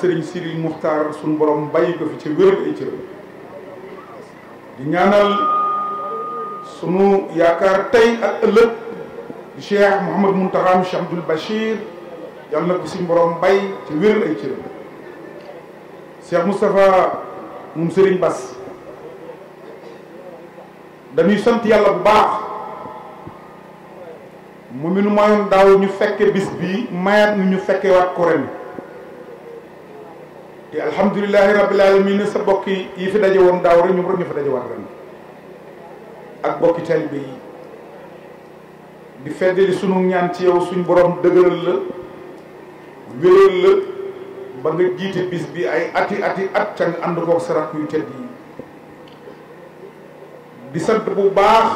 sëriñ Sidi Muxtaar suñ borom bàyyi ko fi ci wér ay cëram di ñaanal sunu yaakaar tey ak ëllëg di Cheikh Mouhamad Muntaxam Cheikh Abdoul Bachir yàlla na ko suñ borom bay ci wér ay cëram Cheikh Moustapha moom sëriñ Bass dañuy sant yàlla bu baax mu mi nu mayoon daaw ñu fekke bis bii mayaat nu ñu fekke waat ko ren te alhamdulilahi rabbil alamin sa bokk yi fi daje woon daaw rek ñu ñu fa daje waat ren ak bokki taalibe yi di feddali sunu ñaan ci yow suñ borom dëgëral la wéral la ba nga jiite bis bi ay ati ati at ca nga ànd koog sarak yu tedd yi di sant bu baax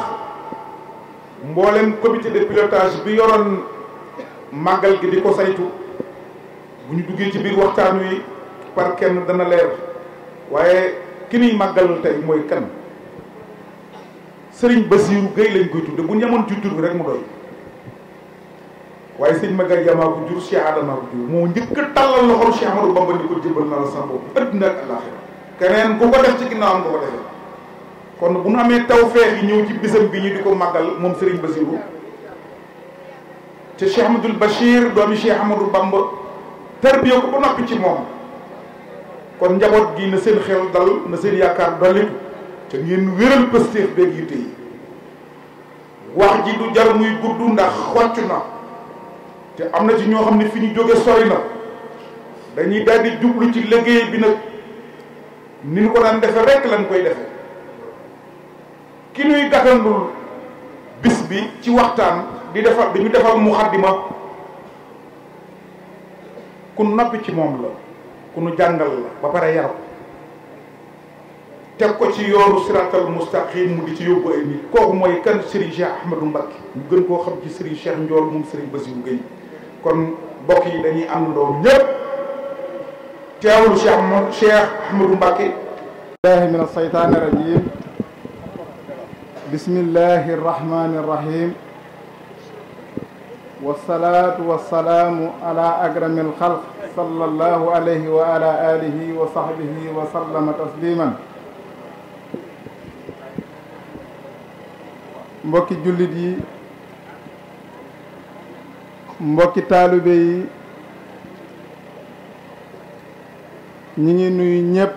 mbollem comité de pilotage bi yoron magal gi diko saytu buñu duggé ci bir waxtaan wi par kenn dana leer waye kini niy tay moy kan Serigne basirou gey lañ koy tudde bu ñu ci tur bi rek mu doy waye serigne magal Diama ko jur Cheikh Adama ko jur moo njëkk a tàllal Cheikh Amadou Bamba ni ko jëbal na la sa bopp adduna ak àllaaxira keneen ku ko def ci ginnaaw am ko def kon bu nu amee tawfeex yi ñëw ci bisam bi ñu di ko màggal moom Serigne Bassirou te Cheikh Ahmadoul Bachir doomi Cheikh Ahmadou Bamba tarbiya ko ba noppi ci moom kon njaboot gi na seen xew dal na seen yaakaar dollitu te ngeen wéral pëstéef beeg yitte yi wax ji du jar muy gudd ndax xocc na te am na ci ñoo xam ne fi ñu jóge sori na dañuy daldi jublu ci liggéey bi nag ni ñu ko daan defe rekk lañ koy defe ki nuy gàttandul bis bi ci waxtaan di defal di ñu mu muxaddima ku noppi ci moom la ku nu jàngal la ba pare yaram ko teg ko ci yooru siratal mustaqim mu di ci yóbbu ay nit kooku mooy kan Serigne Cheikh Ahmadou Mbacké ñu gën koo xam ci Serigne Cheikh Ndiol moom Serigne Bassirou Gueye kon mbokk yi dañuy àndandoo ñëpp teewul Cheikh Cheikh Ahmadou Mbacké billahi min asheytani irajim بسم الله الرحمن الرحيم والصلاة والسلام على أكرم الخلق صلى الله عليه وعلى آله وصحبه وسلم تسليما مبكي جلدي مبكي طالبي نيني yi نيب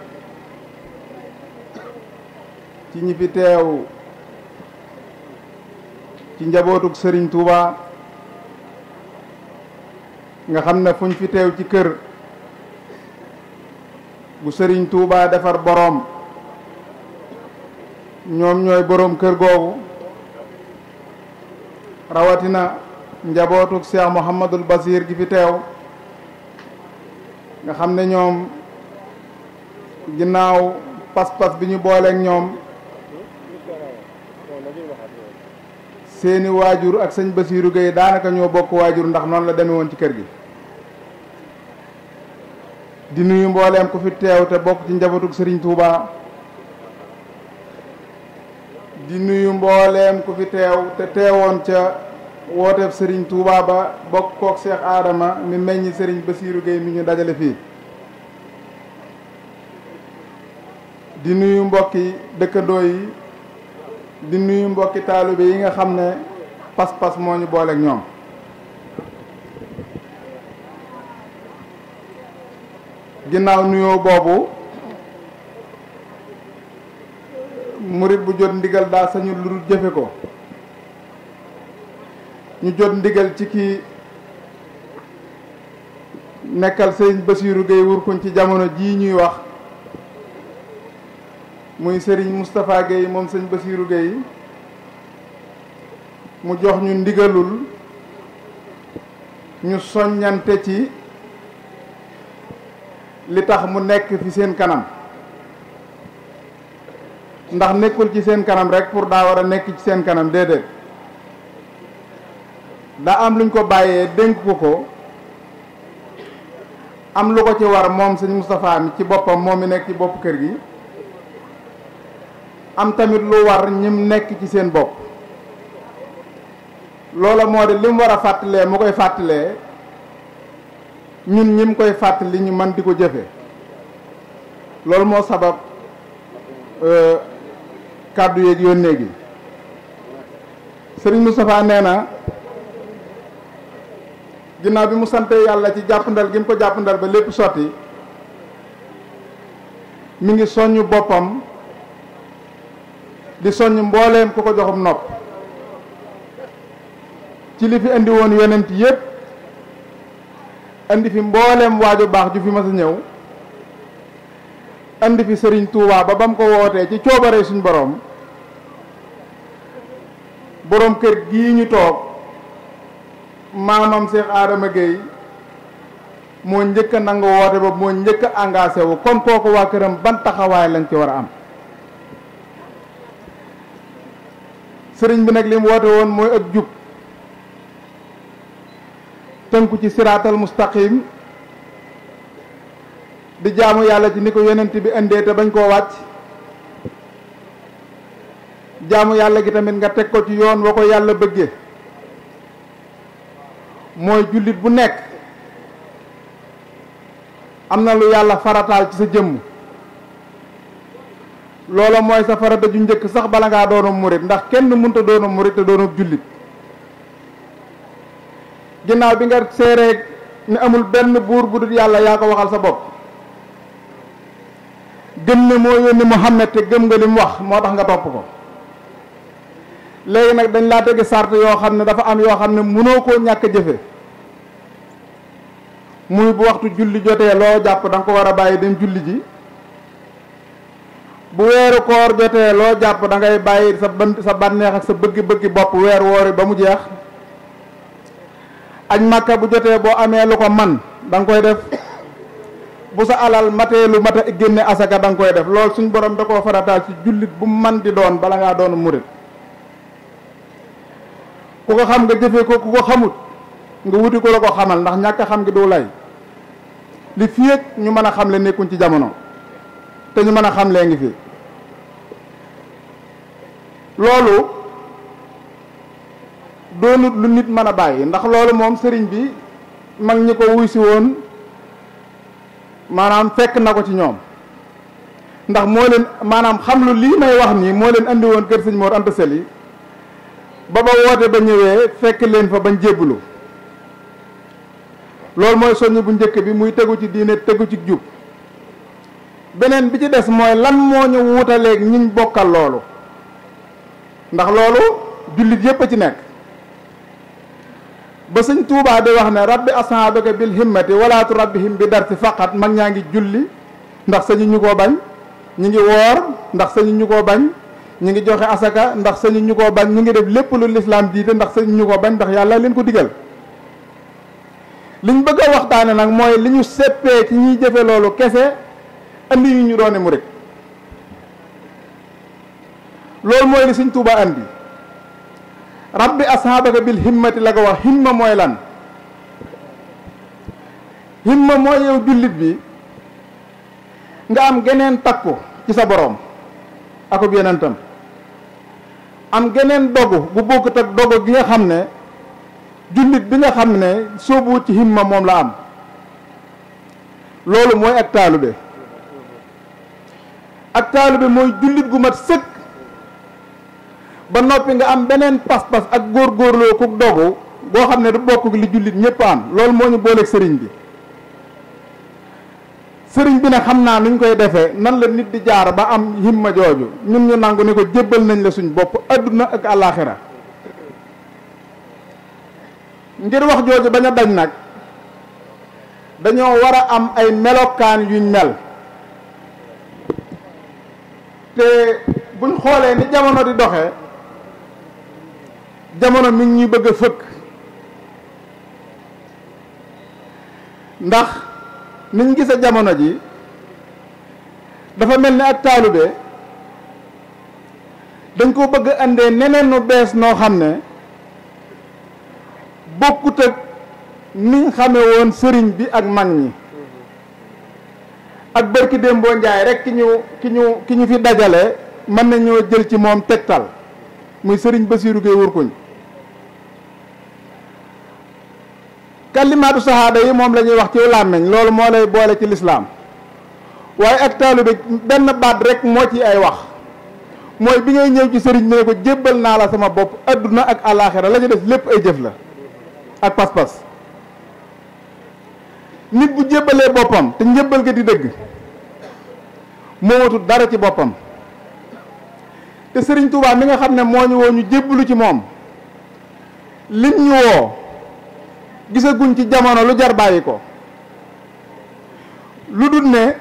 تي ني ñépp ci njabootug sëriñ Touba nga xam ne fuñ fi teew ci kër bu sëriñ tuuba defar boroom ñoom ñooy boroom kër googu rawatina njabootug Cheikh Mouhamadul Basir gi fi teew nga xam ne ñoom ginnaaw pas-pas bi ñu booleek ñoom seeni waajur ak sëñ Basiiru Gay daanaka ñoo bokk waajur ndax noonu la demee ci kër gi di nuyu mbooleem ku fi teew te bokk ci njabootug sëriñ Touba di nuyu mbooleem ku fi teew ca wooteef sëriñ Touba ba bokk kook Cheikh Adama mi meññi sëriñ Basiiru Gay mi ñu dajale fii di nuyu mbokki dëkkandoo yi di nuyu mbokki taalibe yi nga xam ne pas-pas moo ñu booleek ñoom ginnaaw nuyoo boobu murit bu jot ndigal daa sañu lu dul jëfe ko ñu jot ndigal ci kii nekkal sëriñ Basiiru Gay wurkuñ ci jamono jii ñuy wax muy Serigne Moustapha Guèye moom sëñ Bassirou géey mu jox ñu ndigalul ñu soññante ci li tax mu nekk ci seen kanam ndax nekkul ci seen kanam rekk pour daa war a nekk ci seen kanam déedéet daa am luñ ko bàyyee dénk ko ko am lu ko ci war moom sëñ Moustapha mi ci boppam moom mi nekk ci bopp kër gi am tamit lu war ñim nekk ci seen bopp loola moo de li mu war a fàttalee mu koy fàttalee ñun ñim koy fàttali ñu man di ko jëfe loolu moo sabab euh, kàddu yeeg yónnee gi sëriñ mu Moustapha nee na ginnaaw bi mu sante yàlla ci jàppandal gi mu ko jàppandal ba lépp sotti mu ngi soññu boppam di soññ mbooleem ku ko joxum nopp ci li fi indi woon yonent yépp indi fi mbooleem waaju baax ju fi mas a ñëw indi fi sëriñ tuubaa ba ba mu ko wootee ci coobare suñ boroom boroom kër gii ñu toog maamam Cheikh Adama Gueye moo njëkk a nangu woote ba moo njëkk a engagé wu kon kooku waa këram ban taxawaay lañ ci war a am sëriñ bi nag li mu woote woon mooy ak jub tënku ci siraatal mustaqim di jaamu yàlla ci ni ko yonent bi indee te bañ koo wàcc jaamu yàlla gi tamit nga teg ko ci yoon wa ko yàlla bëggee mooy jullit bu nekk am na lu yàlla farataal ci sa jëmm loola mooy sa farata ju njëkk sax bala ngaa doona murit ndax kenn mënta doona murit te doona jullit ginnaaw bi nga seeree ni amul benn buur bu dul yàlla yaa ko waxal sa bopp gëm ne moo yónni Muhammad te gëm nga li wax moo tax nga topp ko léegi nag dañ laa tegi sart yoo xam ne dafa am yoo xam ne mënoo koo ñàkk jëfe muy bu waxtu julli jotee loo jàpp danga ko war a bàyyi dem julli ji bu wéru koor jotee lo japp da ngay bayyi sa bën sa bànneex ak sa bëgg bëgg bop wéru wori ba mu jeex añ makka bu jotee bo amé lu ko man da koy def bu sa alal maté lu mata a asaka da nga koy def lool suñu borom da ko farata ci julit bu man di doon bala nga doon mourid ku ko xam nga jëfé ko ku ko xamut nga wuti ko la ko xamal ndax ñaka xam do lay li fiek ñu mëna xam xamle nekkun ci jamono te ñu mëna xam xamlee ngi fi Lolo nit lu nit meuna a lolo ndax lolu mom sëriñ bi mag ñiko ko won manam fekk nako ci ñom ndax mo leen manam xam lu li may wax ni mo leen andi won keur Mor ante seli ba ba ba ñewé fekk leen fa bañ jéblu loolu moy soñu bu ñëkk bi muy teggu ci diiné teggu ci juk benen bi ci des moy lan moo ñu wutaleeg ñiñ bokkal loolu ndax loolu jullit yépp a ci nekk ba sëñ Tuubaa di wax ne rabbi ashaabaka bil himmati wala turabbihim bi darsi faqat mag ñaa ngi julli ndax sañu ñu koo bañ ñu ngi woor ndax sañu ñu koo bañ ñi ngi joxe asaka ndax sañu ñu koo bañ ñi ngi def lépp lu lislaam jiite ndax sañu ñu koo bañ ndax yàlla leen ko digal liñ bëgg a waxtaane nag mooy li ñu seppee ci ñuy jëfe loolu kese yu ñu ñu doone murit loolu mooy li sëñ rab bi rabbi asxaabaka bil himmati la ko wax himma mooy lan himma mooy yow jullit bi nga am geneen takku ci sa boroom akub yenentam am geneen dogu bu bokkut ak dogu gi nga xam ne jullit bi nga xam ne soobu ci himma moom la am loolu mooy ak taalube ak taalube mooy jullit gu mat sëkk ba noppi nga am beneen pas-pas ak góorgóorloo ku dogu boo xam ne du bokk li jullit ñëpp am loolu moo ñu booleeg sëriñ bi sëriñ bi nag xam naa nuñ koy defee nan la nit di jaar ba am himma jooju ñun ñu nangu ne ko jébbal nañ la suñ bopp adduna ak àllaaxira ngir wax jooju bañ dañ nag dañoo war a am ay melokaan yuñ mel te buñ xoolee ni jamono di doxee jamono mi ñuy bëgg a fëkk ndax niñ gisa jamono ji dafa mel ni ak taalube dañ koo bëgg andee neneen nu bees noo xam ne bokkut ak niñ xame sëriñ bi ak mag ñi ak bërki démboo njaay rek ki ñu ki ñu ki ñu fi dajale mën nañoo jël ci moom tegtal muy sëriñ ba Géey wër koñ kalimaatu sahaada yi moom lañuy wax ci làmmiñ loolu moo lay boole ci lislaam waaye ak taalibe benn baat rek moo ci ay wax mooy bi ngay ñëw ci sëriñ bi ne ko jébbal naa la sama bopp àdduna ak alaaxira la ñu def lépp ay jëf la ak pas-pas nit bu jébbalee boppam te njëbbal ga di dëgg moomatul dara ci boppam te sëriñ Touba mi nga xam ne moo ñu woo ñu jébbalu ci moom lim ñu woo gisaguñ ci jamono lu jar bàyyi ko lu dul ne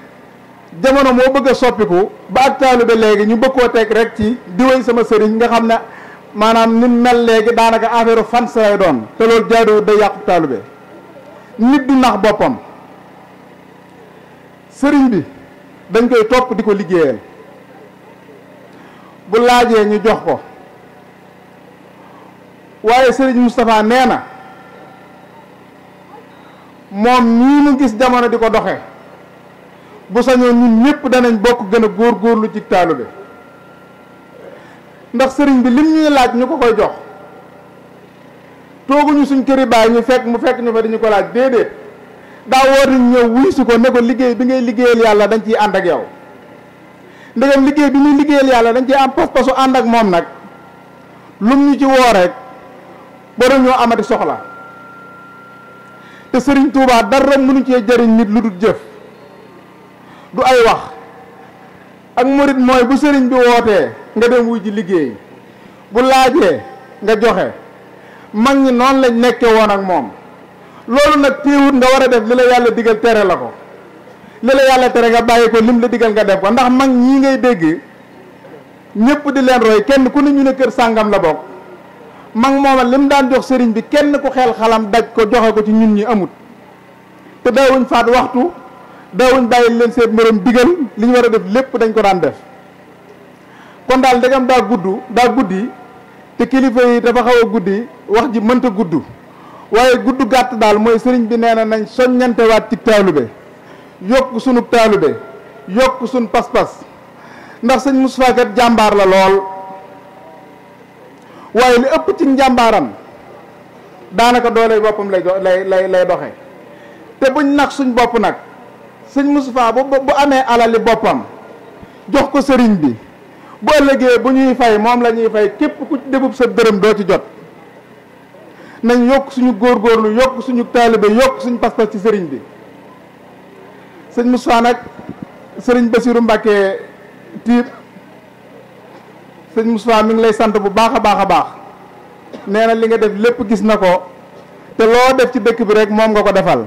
jamono moo bëgg a soppiku ba ak taalibe léegi ñu bëgg koo teg rek ci diway sama sëriñ nga xam ne maanaam ni mel léegi daanaka affaire fan sa lay doon te loolu jaaduwul day yàqu taalibe nit du nax boppam sëriñ bi dañ koy topp di ko liggéeyal. bu laajee ñu jox ko waaye sëriñ Moustapha nee na moom mii mu gis jamono di ko doxe bu sañoon ñun ñëpp danañ bokk gën a góor góorlu ci taalube ndax sëriñ bi lim ñuy laaj ñu ko koy jox tooguñu suñ këri baay ñu fekk mu fekk ñu fa dañu ko laaj déedéet daa woor nañ ñëw wuy su ko ne ko liggéey bi ngay liggéeyal yàlla dañ ciy ànd ak yow ndegam liggéey bi muy liggéeyal yàlla dañ ci am pas-pasu ànd ak moom nag lum ñu ci woo rek borom ñoo amati soxla te sëriñ Touba dara mënu cee jëriñ nit lu dul jëf du ay wax ak murit mooy bu sëriñ bi wootee nga dem wuy liggéey bu laajee nga joxe mag ñi noonu lañ nekke woon ak moom loolu nag téewut nga war a def li la yàlla digal tere la ko li la yàlla tere nga bàyyi ko lim la digal nga def ko ndax mag ñii ngay dégg ñëpp di leen roy kenn ku ne ñu ne kër sàngam la bokk mag mooma lim daan jox sëriñ bi kenn ko xel xalam daj ko joxe ko ci ñun ñi amut te daawuñ faat waxtu daawuñ bàyyi leen seet morom digal li ñu war a def lépp dañ ko daan def kon daal ndegam daa gudd daa guddi te kilifa yi dafa xaw guddi wax ji mënta gudd waaye gudd gàtt daal mooy sëriñ bi nee na nañ soññantewaat ci teewlu bi yokk sunu taalube yokk sunu pas-pas ndax sëñ Moustapha kat jàmbaar la lool waaye li ëpp ci njàmbaaram daanaka doole boppam lay lay lay lay doxe te buñ nag suñu bopp nag sëñ Moustapha bu bu amee alali boppam jox ko sëriñ bi bu ëllëgee bu ñuy fay moom la ñuy fay képp ku debub sa dërëm doo ci jot nañ yokk suñu góor góorgóorlu yokk suñu taalibe yokk suñu pas-pas ci sëriñ bi Sen Moussa nak serigne bassirou Mbàkke tire Sen Moussa mi ngi lay sante bu baakha baakha baax neena na li nga def lepp gis nako te lo def ci dekk bi rek mom nga ko defal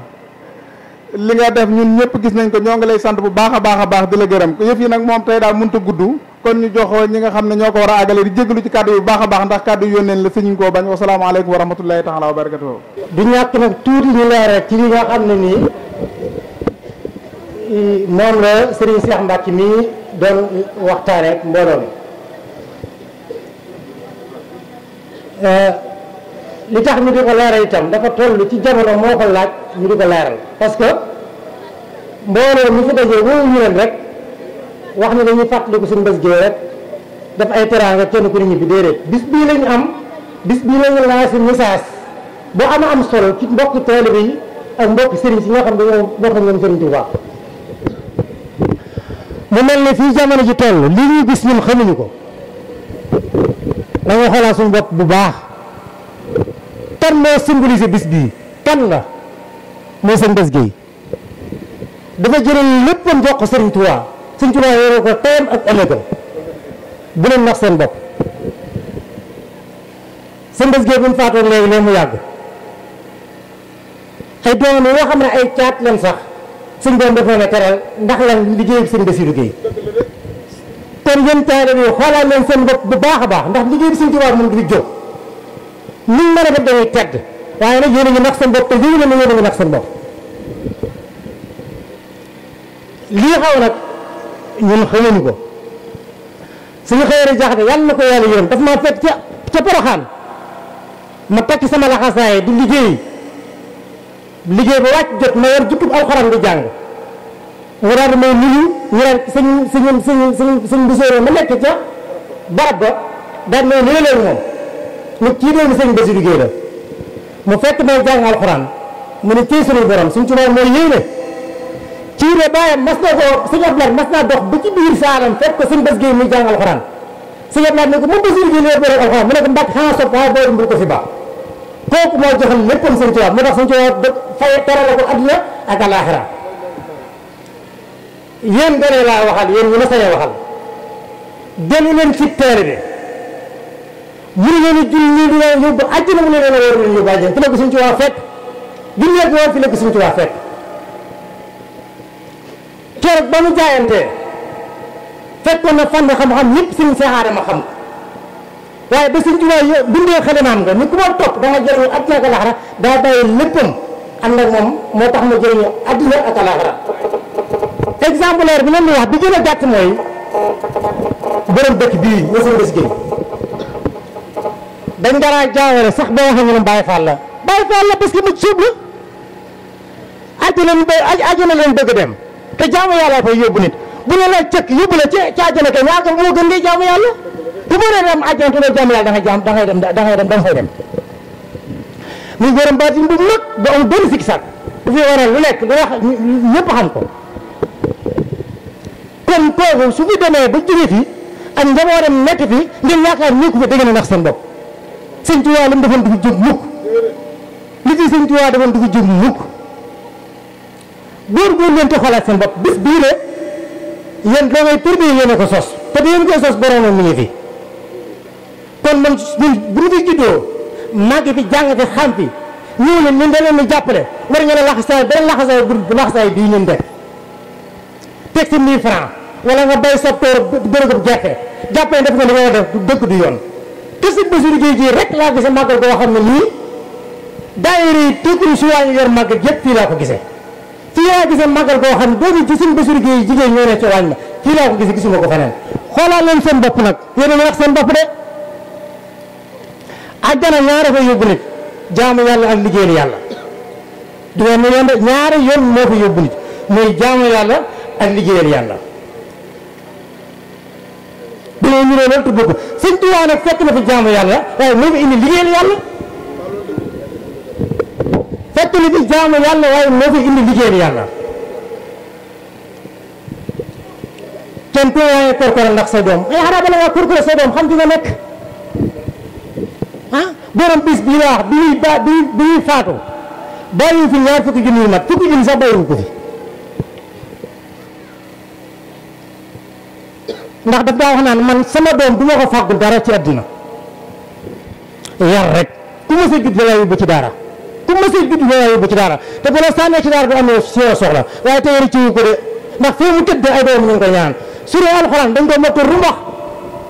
li nga def ñun ñepp gis nañ ko ñoo nga lay sante bu baakha baakha baax dila baax ko yef yi nak mom tay da muñ ta gudd kon ñu joxo ñi nga xamne ñoko wara ko di jéglu ci cadeau yu baakha baax ndax cadeau yu la señu ko bañ alaykum wa rahmatullahi taala wa barakatuh du ñak nak tuuti ñu leer ci li nga xamne ni moom la Serigne Cheikh Mbacke mii doon waxtaane ak mbooloo mi eh, li tax ñu di ko leeral itam dafa toll ci jamono moo ko laaj ñu di ko leeral parce que mbooloo mi fi dajee wóolu ñu leen rek wax ne dañuy fàttaliku suñu bés gee rek def ay teraanga kenn ku ne ñibbi déedéet bis bii lañu am bis bii lañu laaj si message boo ama am solo ci mbokk taalibe bi ak mbokk sëriñ si ñoo xam ne dañoo bokk ak ñoom sëriñ Tuubaa mu melni fi jamono ji toll li ñu gis ñun xamuñu ko dama xala suñu bop bu baax tan mo symbolisé bis bi tan la mo seen bes Guèye dafa jëlee leppam jox serigne touba serigne touba yoro ko tayam ak elego bu len nax seen bop seen bes Guèye bu faato faatoon léegi mu yag ay doon yo xamna ay caat lan sax suñ doom daf leen a teral ndax lan liggéey bi sëñ Bassirou Gueye kon yéen taalibe yi xoolaat leen seen bopp bu baax a baax ndax liggéey bi sëñ Tuubaa moom du jóg ñu mën a def dañuy tedd waaye nag seen bopp te yéen a ngi yéen seen bopp lii xaw nag ñun xamuñu ko suñu xëyee jaxate yàlla na ko yàlla yërëm daf maa fekk ca ca poroxaan ma takk sama laxasaay di liggéey liggéey ba wàcc jot ma yor jutub alxuraan di jàng ñu daal di may nuyu ñu daal sëñ sëñ sëñ sëñ sëñ Basiru ma nekk ca barab ba daal may nuyu leen moom ñu kii doomi sëñ Basiru Géey la mu fekk may jàng alxuraan mu ne cëy suñu borom suñ ci moom mooy yéene kii de bàyyam mas na naa dox ba ci biir saalam fekk ko sëñ Bas Géey muy jàng alxuraan sëñ Ablaye ne ko moom Basiru la yor alxuraan mu ne ko mbàkk xanaa sopp xanaa boobu ko fi baax kooku moo joxal léppam sëñ Tuubaa moo tax sëñ Tuubaa fay terale ko àdduna ak alaaxira yéen gone laa waxal yéen ñi ma sañee waxal dellu leen ci teere bi mënu leen a julli di leen yóbbu àjjana mu leen a wóor leen yóbbu àjjana fi la ko sëñ Tuubaa fekk julli ak woor fi la ko sëñ Tuubaa fekk keroog ba mu jaayantee fekkoon na fànn xam-xam yëpp sëñ Seex Aadama xam waaye ba sëñ Tuubaa bindee xalimaam nga ni ku ma topp danga jëriñu àddina ak alaxira daa bàyyi léppam ànd ak moom moo tax ma jëriñu àddina ak alaxira exemplaire bi leen di wax bi gën a gàtt mooy borom dëkk bii ñësan bés gi dañ daraa jaawale sax ba waxee ñu ne Baye mu suub la àjjana ñu bay bëgg dem te jaamu yàlla fay yóbbu nit bu ne la cëkk yóbbu la ci ci àjjana kay ñaaka moo gën ngay jaamu yàlla ku bëre dem àjjana ku ne jàmm yàlla da nga jàmm da ngay dem da ngay dem da baatin bu mag bu am benn sikki sàkk bu fi waral lu nekk lu wax xam ko kon kooku su fi demee ba jóge fi ak njabootam nekk fi ngeen yaakaar ni ku fi dégg na nax seen bopp sëñ Tuubaa li mu defoon du fi jóg mukk li ci sëñ Tuubaa defoon du fi jóg mukk góor-góor leen te xoolaat seen bopp bis bii de yéen da ngay permis yéen a ko sos te bi yéen ko sos borom mi ngi fi kon man ñun bu ñu jàng fi xam fi ñëw leen ñun da leen di jàppale war ngeen a laxasaay benn laxasaay bu laxasaay bii ñun def teg ci 1000 francs wala nga bay sa tool bërëgub gerte jàppale def nga li nga def du dëkk du yoon te si Bassirou Guèye jii rek laa gisee màggal boo xam ne nii daayira yi tëgguñu si waa ñu yor màggal yëpp fii laa ko gisee fii laa xam ne dooñu ci suñu Bassirou Guèye jigéen ñoo ne ci wàññi fii laa ko gisee gisuma ko feneen xoolaa leen seen nag yéen a wax de àjjana ñaara ko yóbbu nit jaamu yàlla ak liggéeyal yàlla du ngeen ne yoon de ñaari yoon moo ko yóbbu nit mooy jaamu yàlla ak liggéeyal yàlla bu ñu ñëwee loolu tudd yàlla waaye moo jaamu yàlla waaye moo fi indi yàlla kenn waaye korkora ndax sa doom ay bala ngaa korkora sa xam di nga nekk borom bis bi wax bi ba bi bi ñuy faatu bàyyi fi ñaar fukki junni nag fukki jinn sa bayu ko fi ndax daf daa wax naan man sama doom duma ko fagu dara ci àddina yar rek ku ma sey gudd da laa ci dara ku ma sey gudd da laa ci dara te bu la sànnee ci dara bu amé ci soxla waaye tey ci ko de ndax fi mu tedd ay doom ñu ko ñaan suru alxuraan dañ ko mako rumbax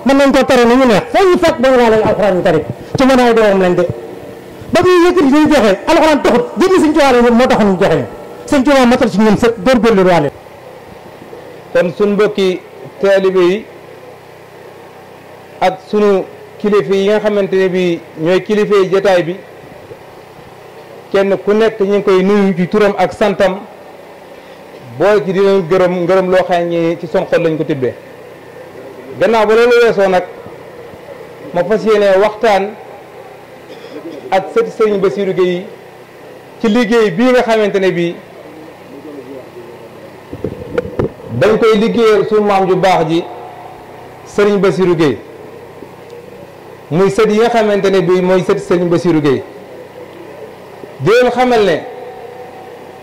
man nañ ko tare ni ñu neex foo ñu ba nga la lañ alxuraan ci mënaay doomam lañ de ba muy yëkkati ñuy joxe alxuraan taxut jëmmi sëñ Tuubaa la moo taxoon ñu joxe sëñ mbokki taalibe yi ak sunu kilifa yi nga xamante ne bii ñooy kilifa jataay bi kenn ku nekk ñu koy nuyu ci turam ak santam boo ci dinañu gërëm ngërëm loo xam ne ci son xol lañ ko tibbee gannaaw ba loolu weesoo nag ma fas yéene waxtaan ak sëti sëriñ Bassirou Gueye ci liggéey bii nga xamante ne bii dañ koy liggéeyal suñu maam ju baax ji sëriñ Bassirou Gueye muy sët yi nga xamante ne bii mooy sëti sëriñ Bassirou Gueye di leen xamal ne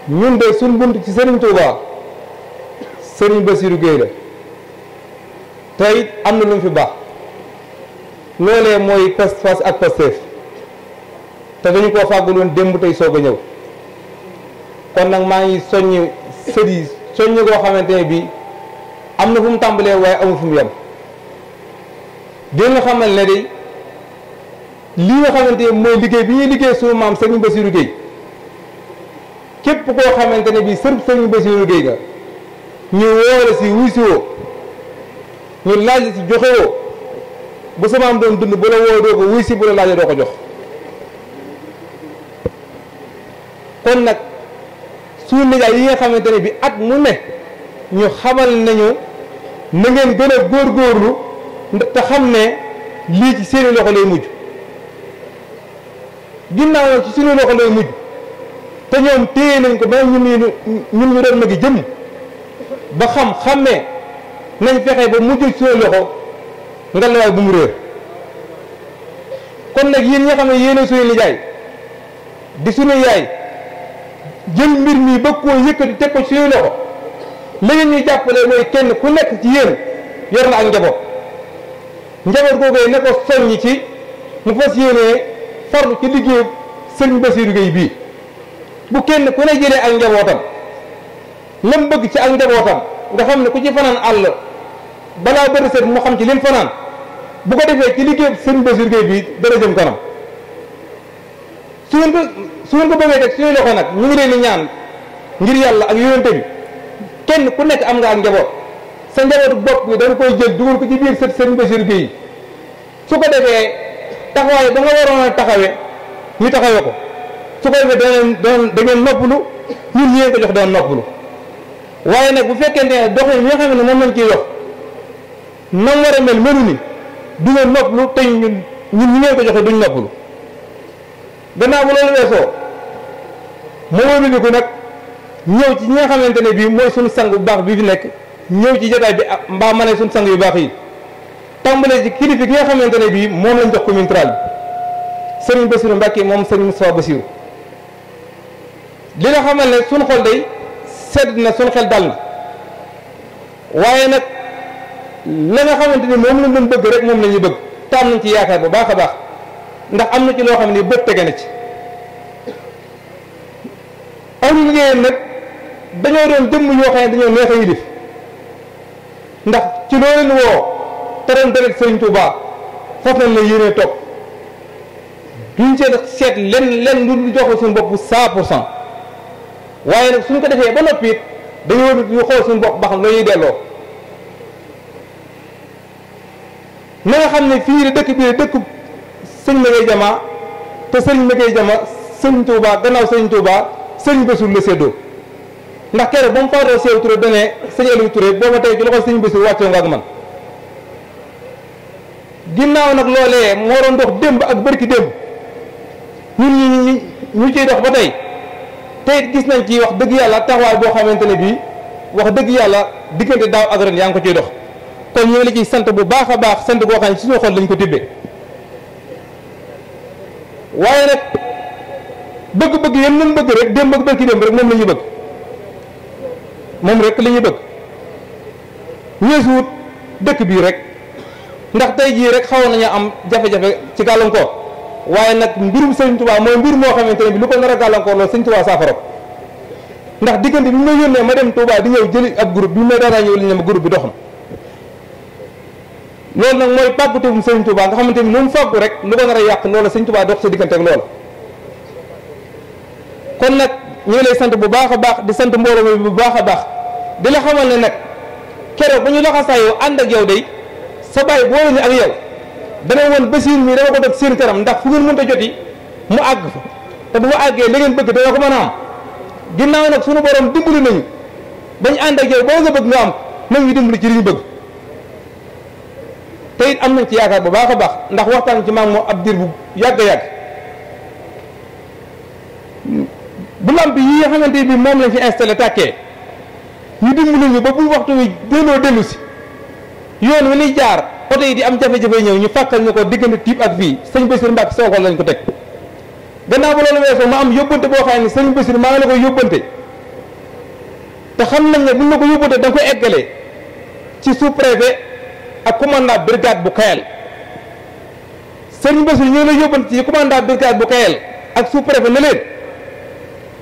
ñun de suñ bunt ci sëriñ Touba sëriñ Bassirou Gueye la tey am na lu mu fi baax loolee mooy pas-pas ak Pastef te dañu koo fàgguloon démb tey soog a ñëw kon nag maa ngi soññ sët yi soññ koo xamante ne bii am na fu mu tàmbalee waaye amul fu mu yem dina xamal ne day li nga xamante ne mooy liggéey bi ñuy liggéey suñu maam Serigne Bassirou Gueye képp koo xamante ne bii sërb Serigne Bassirou liggéey nga ñu woole si wuy si woo ñu laaj si joxe bu sa maam doon dund bu la woo doo ko wuy si bu la laajee doo ko jox kon nag suñu nijaay yi nga xamante ne bi ak mu ne ñu xamal nañu na ngeen gën a ndax te xam ne lii ci seeni loxo lay mujj ginnaaw ci suñu loxo lay mujj te ñoom téye nañ ko ba ñun ñu ñun ñu doon magi jëm ba xam xammee nañ fexe ba mujjul suñu loxo nga lawaay bu mu réer kon nag yéen ñi xam ne yéen a suñu nijaay di suñu yaay jël mbir mii bëgg koo yëkkati te ko ci suñu loxo li ngeen ñuy jàppale mooy kenn ku nekk ci yéen yor na ak njaboot njaboot googee ne ko soññ ci mu fas yéenee farlu ci liggéey sëñ Bassirou Gueye bii bu kenn ku ne jëlee ak njabootam lam bëgg ci ak njabootam nga xam ne ku ci fanaan àll balaa bëri set mu xam ci leen fanaan bu ko defee ci liggéey sëñ Bassirou Gueye bii dara jëm kanam su ngeen ko su ngeen ko bëggee teg suñuy loxo nag ñu ngi leen di ñaan ngir yàlla ak yonente bi kenn ku nekk am nga ak njaboot sa njabootu bopp bi dañ koy jël dugal ko ci biir sët sëriñ Bassirou Gueye su ko defee taxawaay ba nga waroon a taxawee ñu taxawee ko su ko defee danañ danañ da ngeen noppalu ñun ñi ko jox daan noppalu waaye nag bu fekkente ne doxalin ñi nga xam ne moom lañ ciy dox nam war a mel melu ni du ngeen noppalu te ñun ñun ñi ngeen ko joxe duñ noppalu. gannaaw bu loolu weesoo mu ko nag ñëw ci ñi nga xamante ne bii mooy suñ sang bu baax bi fi nekk ñëw ci jotaay bi mbaa ma ne suñu sang yu baax yi tàmbale ci kilifa ki nga xamante ne bii moom lañ jox commune Tral bi Serigne Bassirou Mbacke moom Serigne Moustapha Bassirou li nga xamal ne suñu xol day sedd na suñ xel dal na waaye nag la nga xamante ni moom lañ doon bëgg rek moom la ñuy bëgg tam nañ ci yaakaar bu baax a baax ndax am na ci loo xam ni bët tege na ci awlu ngeen nag dañoo doon jëmm yoo xam ne dañoo neex a yilif ndax ci loo leen woo teroon deret sëriñ Tuubaa foofu na la yéenee topp duñ seet seet len len lu jox ko suñu bopp cent pour cent waaye nag suñ ko defee ba noppi it dañoo ñu xool suñu bopp ba xam la ñuy delloo na xam ne fii de dëkk bi dëkk sëñ ma ngay jama te sëñ ma ngay jama sëñ Touba gannaaw sëñ Touba sëñ Bassirou la séddoo ndax keroog ba mu faatoo Seydou Touré da ne sëñ Aliou Touré booba tey ci loxo sëñ Bassirou wàccoo nga ak man ginnaaw nag loolee moo doon dox démb ak bërki démb ñun ñu ñu ciy dox ba tey tey gis nañ ci wax dëgg yàlla taxawaay boo xamante ne bii wax dëgg yàlla diggante daaw ak ren yaa ngi ko ciy dox kon ñu ngi la ciy sant bu baax a baax sant boo xam su suñu xol lañ ko tibbee waaye nag bëgg-bëgg yéen nañ bëgg rek démb ak barki démb rek moom la ñuy bëgg moom rek la ñuy bëgg ñeesuwut dëkk bii rek ndax tey jii rek xawoon nañu am jafe-jafe ci gàllankoor waaye nag mbirum Sëriñ Tuubaa mooy mbir moo xamante ne bi lu ko nar a gàllankoor loolu Sëriñ Tuubaa saafara ndax diggante bi ma yónnee ma dem Tuubaa di ñëw jëli ab groupe bi ma daanaa ñëw li ne ma groupe bi dox na loolu nag mooy pàggatewum sëriñ Touba nga xamante ni lu mu fàggu rek lu ko a yàq loola sëriñ Touba dox sa diggante ak loola kon nag ñu lay sant bu baax a baax di sant mbooloo mi bu baax a baax di la xamal ne nag keroog ba ñu laxasaayoo ànd ak yow day sa bàyyi boole ñu ak yow dana woon Basiir mi dama ko def seen kanam ndax fu ngeen mënta joti mu àgg fa te bu ma àggee li ngeen bëgg dana ko mën a am ginnaaw nag sunu borom dimbali nañu bañ ànd ak yow boo nga bëgg nga am nañu dimbali ci li te it am nañ ci yaakaar bu baax a baax ndax waxtaan ci maam moo ab diir bu yàgg yàgg bu lamp yi nga xamante bi moom lañ fi installé tàkkee ñu dimbali ñu ba bu waxtu wi delloo dellu si yoon wi ni jaar oto yi di am jafe-jafe ñëw ñu fàkkal ñu ko diggante tiib ak fii sëñ Bassirou Mbacke Sokone lañ ko teg gannaaw ba loolu weesoo ma am yóbbante boo xam ne sëñ Bassirou maa ngi la koy yóbbante te xam nañ ne buñ la ko yóbbante da nga koy eggalee ci sous ak commandant brigade bu Kayel sëriñ Bassirou ñu ngi la yóbbante ci commandant brigade bu Kayel ak sous préfet na leen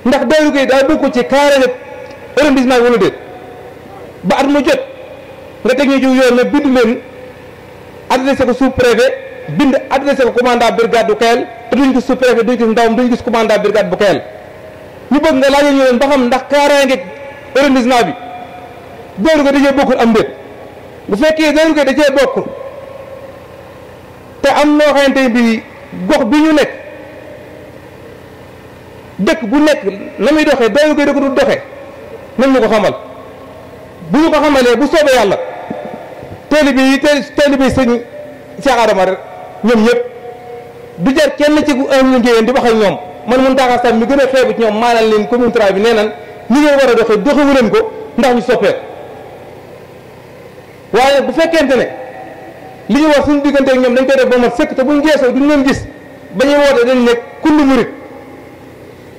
ndax Darou Gueye daa bokk ci carré arrondissement wala déet ba at jot nga teg ñu jiw yoon ne bind leen adressé ko sous préfet bind adressé ko commandant brigade bu Kayel te duñ gis sous préfet duñ gis ndawam duñ brigade bu Kayel ñu bëgg nga laajal ñu leen ba xam ndax carré ngeeg arrondissement bi Darou Gueye dañoo bokkul am déet bu fekkee zone rurale da cee bokk te am noo xamante bi gox bi ñu nekk dëkk bu nekk na muy doxee zone rurale da ko du doxee nañ ñu ko xamal bu ñu ko xamalee bu soobee yàlla taalibe yi taalibe yi sëñ Cheikh Adama rek ñoom ñëpp du jar kenn ci ku am ngeen di wax ak ñoom man mun taxaa sam mi gën a xeebu ñoom maanaam leen commune Tra bi nee nan ñi ngeen war a doxee doxewu leen ko ndax ñu soppeeku waaye bu fekkente ne li ñu wax suñu diggante ak ñoom dañ koy def ba mat sëkk te buñ geesoo duñ leen gis ba ñuy woote dañ ne kullu murit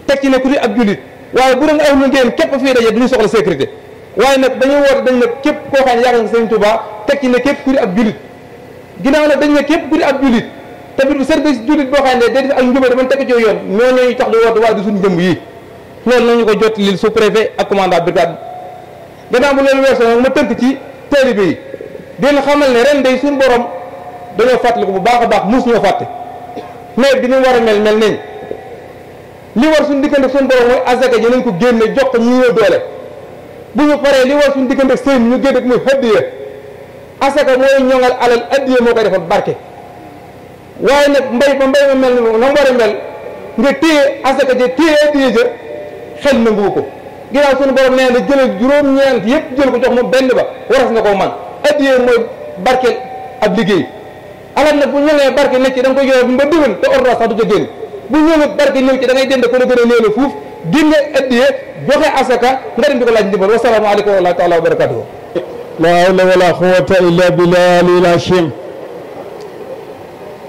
teg ci ne ku di ab jullit waaye bu doon aw lu ngeen képp fii daje duñu soxla sécurité waaye nag dañuy woote dañ ne képp koo xam ne yaakaar nga Sëriñ Tuubaa teg ci ne képp ku di ab jullit ginnaaw nag dañ ne képp ku di ab jullit tamit bu service jullit boo xam ne day def ak njubé daman teg ci yoon ñoo ñooñu tax di woote waaye du ko jot lil sous préfet ak commandant brigade gannaaw bu loolu weesoo nag ma tënk ci taalibe yi dina xamal ne ren day suñu borom dañoo fàttaliku bu baax a baax mus ñoo fàtte nawet bi ni mu war a mel mel nañ li war suñu diggante suñu borom mooy azaka ji nañ ko génne jox ko ñu ñëw doole bu ñu paree li war suñu diggante sëñ ñu génne muy hadiya asaka mooy ñoŋal alal addiya moo koy defal barke waaye nag mbay mbay ma mel na mu war a mel nga téye asaka ja téye addiya ja xel nanguwu ko ginnaaw suñu borom nee na jëlal juróom-ñeent yëpp jël ko jox moom benn ba waras na koo man addiyee mooy barkeel ab liggéey alal nag bu ñëwee nga koy yore ba déwén te ordonnance sax du ca génn bu ñëwee barke ñëw ci da ngay dend ko la gën a néew fuuf génne addiyee joxe asaka nga dem di ko laaj ndimbal wasalaamaaleykum wa rahmatulah wa barakatuh. la hawla wala quwwata illa billah aliyil azim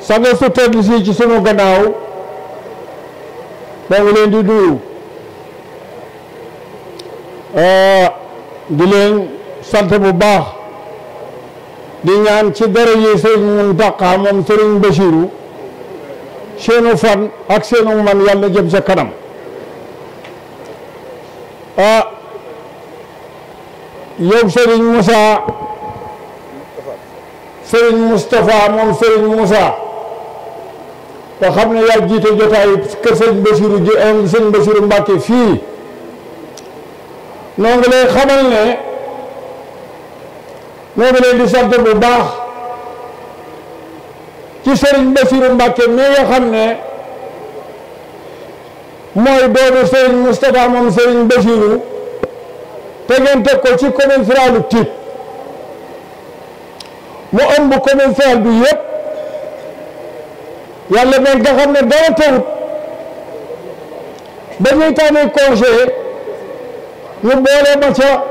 sa nga su tedd si ci sunu gannaaw maa leen di nuyu Eh, di leen sant bu baax di ñaan ci daraje sëriñ Muntaqa moom sëriñ Bachiru seenu fan ak seenu man yàlla jëm sa kanam ah yow sëriñ Moussa sëriñ Moustapha moom sëriñ Moussa nga xam na yaa jiite jotaayu kër sëriñ Bachiru ji sëriñ Bachiru Mbàkke fii noo ngi lay xamal ne noo di sant bu baax ci Serigne Bassirou Mbacke mi nga xam ne mooy doomu Serigne Moustapha moom Serigne Bassirou te ngeen teg ko ci commune Firalu mu ëmb commune bi yëpp yàlla nag nga xam ne dara tawut ba ñuy tànnee congé ñu boole ma ca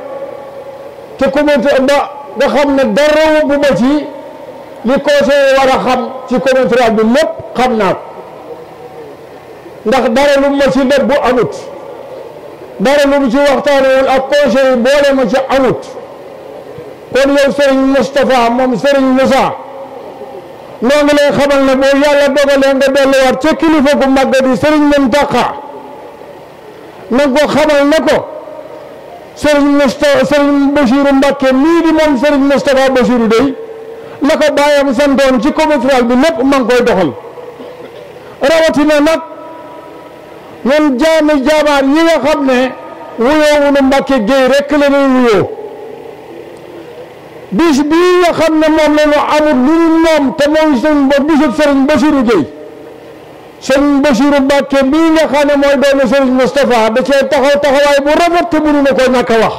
te commentaire ba nga xam ne dara bu ma ci li conseil war a xam ci commentaire bi lépp xam naa dara lu ma ci dara lu mu ci waxtaanewul ak boole ma ci amut kon yow Serigne Moustapha moom Serigne Moussa noo ngi lay xamal ne boo yàlla ca kilifa gu màgg di Serigne Mountakha na xamal na ko sëriñ Moustapha sëriñ Bachirou Mbacke mii di moom sëriñ Moustapha Bachirou day la ko bàyyam santoon ci comité rural bi lépp ma koy doxal rawatina nag ñun jaami jaabaar yi nga xam ne wuyoo wu nu Mbacke Gueye rek la ñuy wuyoo bii nga xam ne moom la ñu amul lu ñu moom te mooy sëriñ ba bisub sëriñ Bachirou sëñ Basiru Mbàkke bii nga xam ne mooy doomu sëriñ Moustapha da cee taxaw taxawaay bu rafet te mënu na ko ñàkk a wax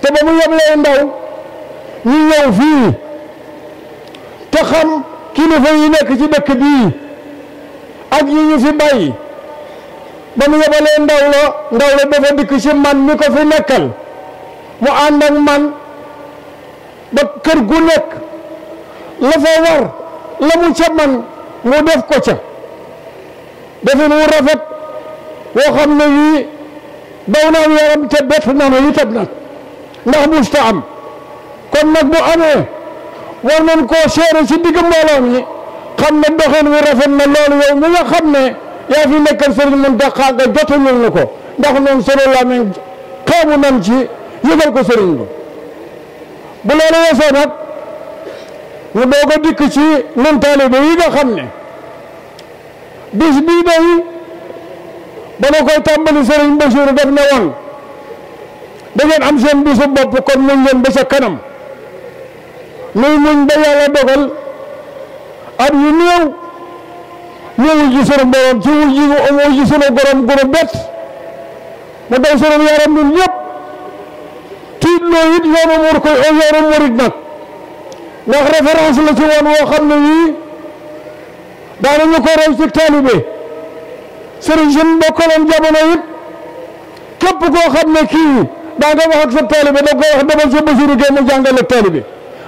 te ba mu yeblee ndaw ñu ñëw fii te xam kilifa yi nekk ci dëkk bii ak yi ñu fi bàyyi ba mu yebalee ndaw la ndaw la dafa dikk ci man mi ko fi nekkal mu ànd ak man ba kër gu nekk la fa war la mu ca man mu def ko ca defin wu rafet woo xam ne wii daw naam yaram te bett na ma itam nag ndax musta am kon nag bu amee war nañ koo seere ci digg mbooloo mi xam ne doxin wi rafet na loolu yow mi nga xam ne yaa fi nekkal sëriñ Muntaxa nga jotañul na ko ndax noonu solo laa men xaamu nan ci yëgal ko sëriñ bu loolu weesoo nag ñu doog a dikk ci nun taalibe yi nga xam ne bis bii day ba na koy tàmbali Serigne Bassirou def na woon da am seen bisu bopp kon muñ ba sa kanam muy muñ ba dogal at yu néew ñu wujji sunu borom ci wujji wujji sunu borom guru bet mu daw sunu yaram ñun ñëpp tiit loo it mur ko yoonu murit nag لفرنسا لتوان وخلوي دارنكو رئيس التالبي سرجن بوكولم جابوني كبكو خدمي كي دارنكو حقس التالبي لكو حدما سبب سيري جيمو جانجا للتالبي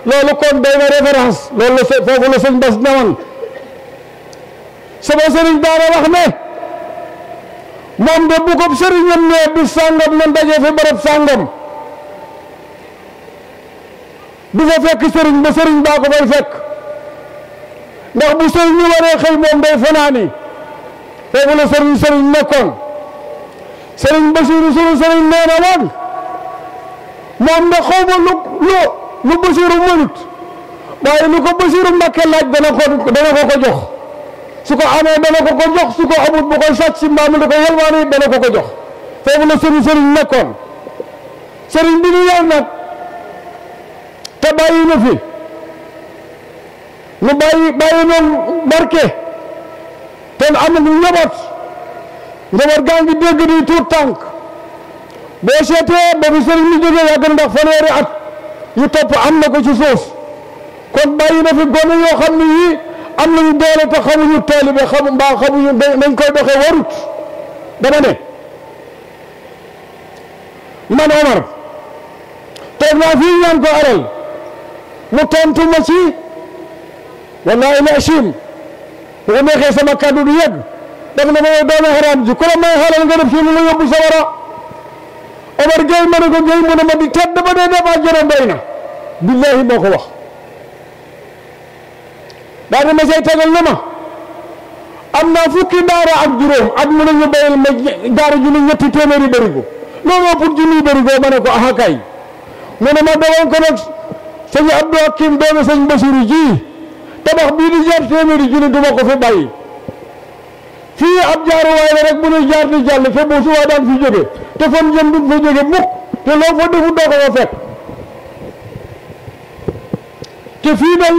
لولو كون دايما رفرنس لولو فوقو لسن بس نوان سبا سرج دارا رحمي مان ببوكو بسرجن نوان بسانجم من دجي في برب سانجم di nga fekk sëriñ ba sëriñ baa ko fay fekk ndax bu sëriñ ñu waree xëy moom day fanaani foofu la sëriñ sëriñ nekkoon sëriñ Basiiru sunu sëriñ nee na woon moom de xaw ma lu lu lu Basiiru mënut waaye lu ko Basiiru Mbàkke laaj dana ko dana ko ko jox su ko amee dana ko ko jox su ko amut bu koy sàcc si mbaamu da ko yalwaani dana ko ko jox foofu la sëriñ sëriñ nekkoon sëriñ bi ñu yor nag بين في لبين بين بركة تنعمل نبات نبات كان بدي أجري تور تانك بيشتى بفسر ميدوجا لكن بفسر يريد يتوب أمنا كجسوس كن بين في قوم يخمني أمنا يدور تخم يطالب بخم بخم من كل بخورت ده مني من عمر تنافيان قارئ mu tontu ma ci wallaahi la achim neexee sama kàddu du yegg def na ma yow doomu ji ku la may nga def fii lu la sawara Omar Gueye ma ne ko Gueye mu ne ma di tedd ba dee def àjjana doy na billahi moo ko wax daa ma say tegal ne ma am naa fukki daara ak juróom ak mu ne ñu bayal ma daara ju ne ñetti téeméeri bërigo looloo pour junniy bërigo ma ko aha kay mu ne ma doon ko sëñ Abdou Hakim doomi sëñ Basiru ji tabax bii di jar téeméeri junni duma ko fi bàyyi fii ab jaaruwaay la rek bu nu jaar di jàll bu suwaa daan fi jóge te fan jëm duñ fa jóge mukk te loo fa defu doo ko fekk te fii day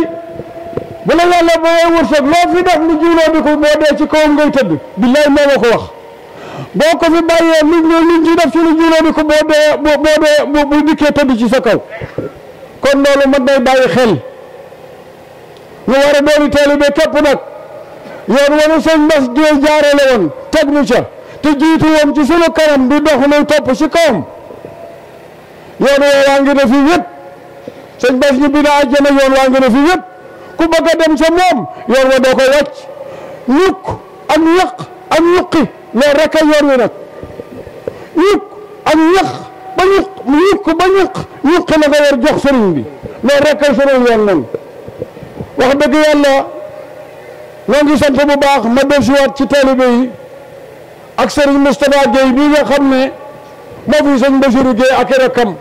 bu la yàlla booyee wërsëg loo fi def lu di ko boo dee ci kawam ngay tëdd billaay moo ma ko wax boo ko fi bàyyee luñ luñ ci def ci lu di ko boo dee bu dikkee tëdd ci sa kaw kon loolu mat nay bàyyi xel ñu war a dooni taalibe képp nag yoon wanu sëñ Bass Dieng jaarale woon teg ñu ca te jiitu woon ci sunu kanam di dox nuy topp ci kawam yoon waa ngi ne fi wépp sëñ Bass yoon waa ngi ne fi wépp ku bëgg dem ca moom yoon wa doo ko wàcc ñukk ak ñaq ak ñuqi a yoon wi nag ñukk ak ba ñuq ñuq ba ñuq ñuq la ko war jox sëriñ bi loolu rek kay sëriñ yoon noonu wax dëgg yàlla ñoo ngi sant bu baax ma dellusiwaat ci taalibe yi ak sëriñ Moustapha Guèye bi nga xam ne moo fi sëñ Bassirou Guèye ak rakkam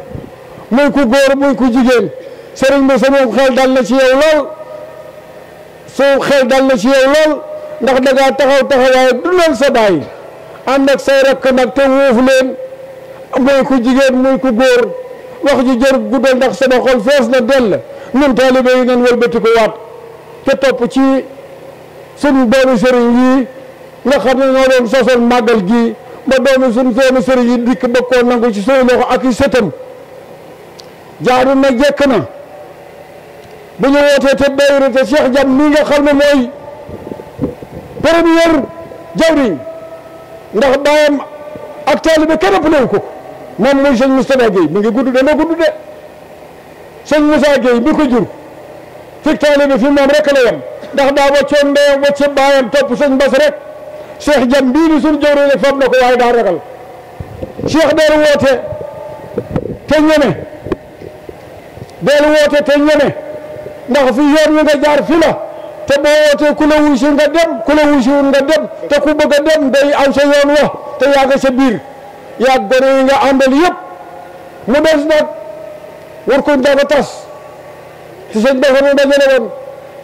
muy ku góor muy ku jigéen sëriñ bi sama xel dal ci yow lool su xel dal ci yow lool ndax da ngaa taxaw taxawaay dundal sa baay ànd say rakk nag te wuuf leen muy ku jigéen muy ku góor wax ji jër guddal ndax sama xol fees na dell nun taalibe yi nan wëlbati ko waat te topp ci suñ doomi sëriñ yi nga xam na ñoo doon sosoon gi ba doomi suñ doomi sëriñ yi dikk ba koo nangu ci suñu loxo ak i sëtam jaadu na jekk na bu ñu wootee te dayre te Cheikh Jam mi nga xam ne mooy premier jawriñ ndax baayam ak taalibe kenn ëppalewu ko man muy sëñ Moustapha Guèye mi ngi gudd de na gudd de sëñ Moussa Guèye mi ko jur fig taali bi fi moom rek la yem ndax daa waccoon ndeyam wacce baayam topp sëñ Bass rek Cheikh Jam bii ni fab na ko waaye daa ragal Cheikh del woote te ñeme del woote te ñeme ndax fi yoon wi nga jaar fi la te boo wootee ku la wuy si nga dem ku la wuy si nga dem te ku bëgg a dem day aw sa yoon wa te yaa nga yaa gone yi nga àndal yëpp mu des nag war ko dafa tas ci sëñ Bass mu dajale woon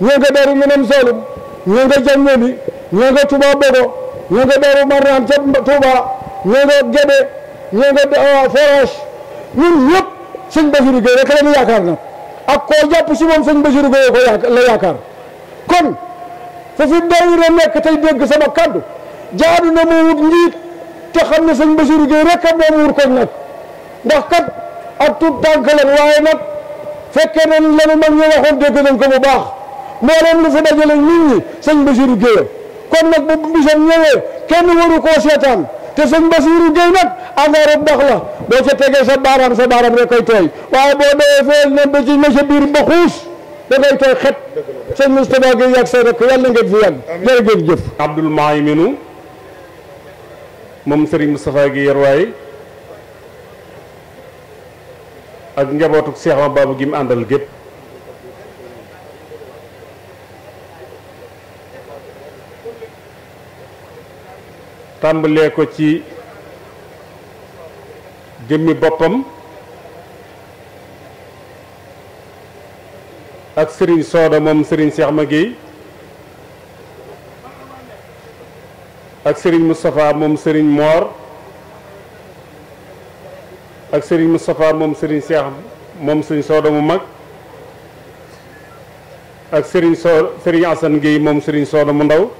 ñoo nga daaru Minam Saalum ñoo nga jàngooni ñoo nga Touba Bogo ñoo nga daaru Marnaan ca Touba ñoo nga Gede ñoo nga euh, forage ñun ñëpp sëñ Bassirou Gueye rek nag ak koo jàpp si moom sëñ Bassirou Gueye ko yaakaar la yaakaar nekk tey dégg sama kaddu jaadu mu wut njiit te xam ne sëñ Bassirou Gueye rek a moom wur koñ nag ndax kat ak tut tànk leen waaye nag fekkee ne lanu mag ñu waxoon dégg nañ ko bu baax moo leen lu fi dajale nit ñi sëñ Bassirou Gueye kon nag bu bisam ñëwee kenn waru koo seetaan te sëñ Bassirou Gueye nag engrais bu baax la boo ca tegee sa baaraam sa baaraam rek koy tooy waaye boo dee fee ne ba ci ne sa biir ba xuus da koy tooy xet sëñ Moustapha Gueye yàgg sa rek yàlla ngeen fi yàgg jërë ngeen jëf Abdoul Maiminu moom Serigne Moustapha gi yor ak njabootuk Cheikh Ma Baabu gi mu àndal gépp tàmbalee ko ci jëmmi boppam ak sëriñ Sooda moom Serigne Cheikh ma Guèye ak Serigne Moustapha moom Serigne Mor ak Serigne Moustapha moom Serigne Cheikh moom Serigne Soda mu mag ak sëriñ So Serigne Assane Gueye moom Serigne Soda mu ndaw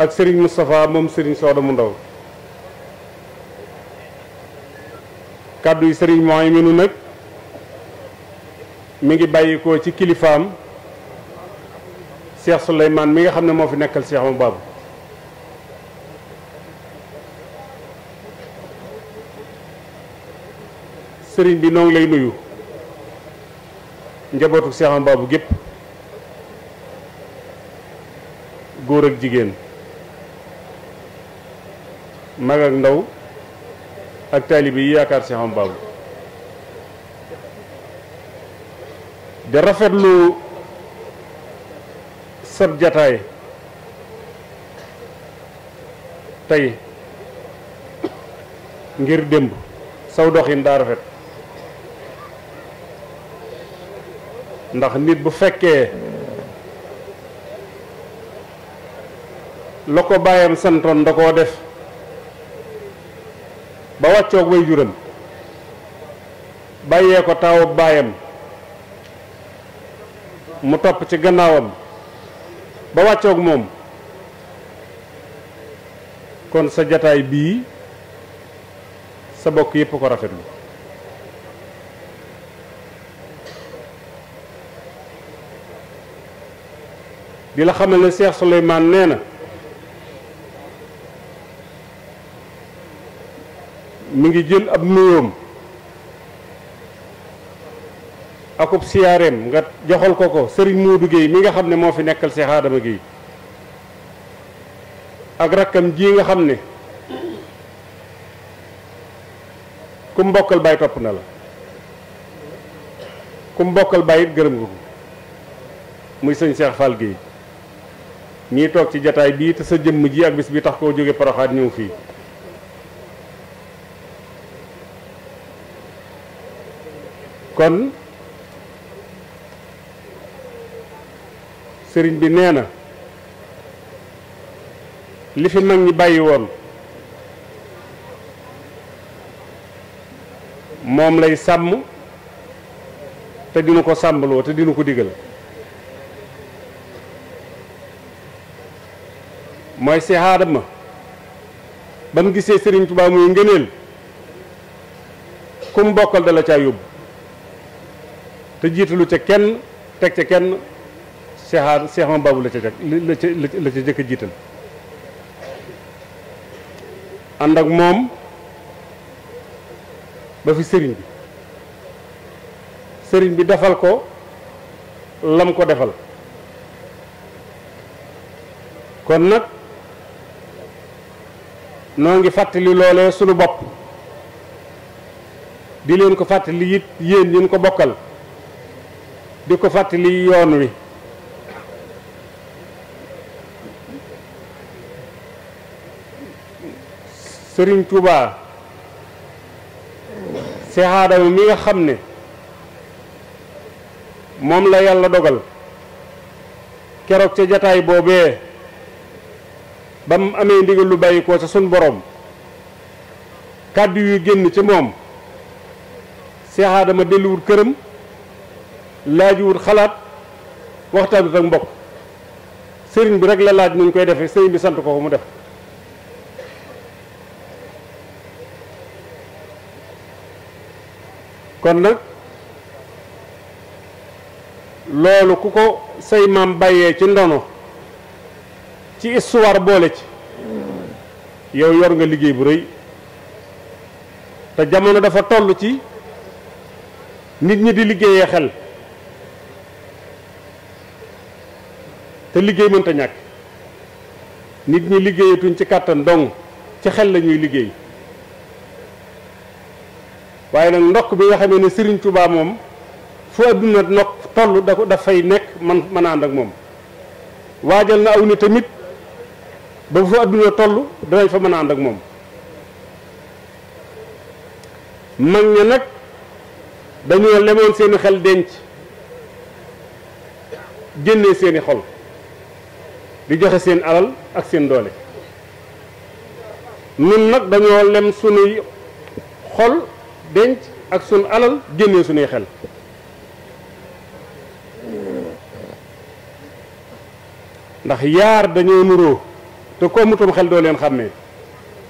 ak Serigne Moustapha moom Serigne Soda mu ndaw kàddu yi Serigne Mouhaïminou nag mu ngi bàyyikoo ci kilifaam Cheikh Souleymane mi nga xam ne moo fi nekkal Cheikh ma Baabu sëriñ bi noo lay nuyu njabootu Cheikh ma Baabu gépp góor ak jigéen mag ak ndaw ak taalibe yi yaakaar Cheikh ma Baabu de rafetlu sab jataay tey ngir démb saw doxin daa rafet ndax nit bu fekkee la ko bàyyam santoon da koo def ba wàccoog way juram bàyyee ko taawu baayam mu topp ci gannaawam ba wàccoog moom kon sa jataay bii sa bokk yépp ko rafet rafetlu di la xamal ne Cheikh Souleymane nee na mu ngi jël ab nuyoom akub siyaareem nga joxal ko ko sëriñ Modou Guèye mi nga xam ne moo fi nekkal Cheikh Adama Guèye ak rakkam ji nga xam ne ku mbokkal bay topp na la ku mbokkal bay it gërëm nga ko muy sëñ Cheikh Fall Guèye ñii toog ci jataay bii te sa jëmm ji ak bis bi tax koo jóge Porokhane ñëw fii kon serigne bi neena li fi mag ni bayyi won mom lay sam te dinu ko samlo te dinu ko digal moy si aadama bam gisee sëriñ Tuubaa muy kum bokkal dala ca yob te lu ca kenn tek ca kenn seexaar seexama baabu la ca la ca la ca jëkk a ànd ak moom ba fi sëriñ bi sëriñ bi defal ko lam ko defal kon nag noo ngi fàttali loolee sunu bopp di leen ko fàttali it yéen ñu ko bokkal di ko fàttali yoon wi sëriñ tuubaa Seex Aadama mi nga xam ne moom la yàlla dogal keroog ca jataay boobee ba mu amee ndigal lu bàyyi ko ca sun borom kàddu yu génn ci moom Seex Aadama delluwut këram laajuwut xalaat waxtaanut ak mbokk sëriñ bi rek la laaj nuñ koy defee sëriñ bi sant ko mu def kon nag loolu ku ko say maam bàyyee ci ndono ci histoire boole ci yow yor nga liggéey bu rëy te jamono dafa toll ci nit ñi di liggéeyee xel te liggéey mënta ñàkk nit ñi liggéeyatuñ ci kàttan doŋ ci xel lañuy liggéey waaye nag ndokk bi nga xamee ne sëriñ Touba moom fu adduna ndokk toll da ko daf nekk man mën a ak moom waajal na aw ni tamit ba fu adduna toll danañ fa mën a ànd moom mag ña nag dañoo lemoon seeni xel denc génnee seeni xol di joxe seen alal ak seen doole nun nag dañoo lem sunuy xol دنت أكسون ألال جنيه سني خل نخيار دنيو نرو تكو متو خل دولين خامه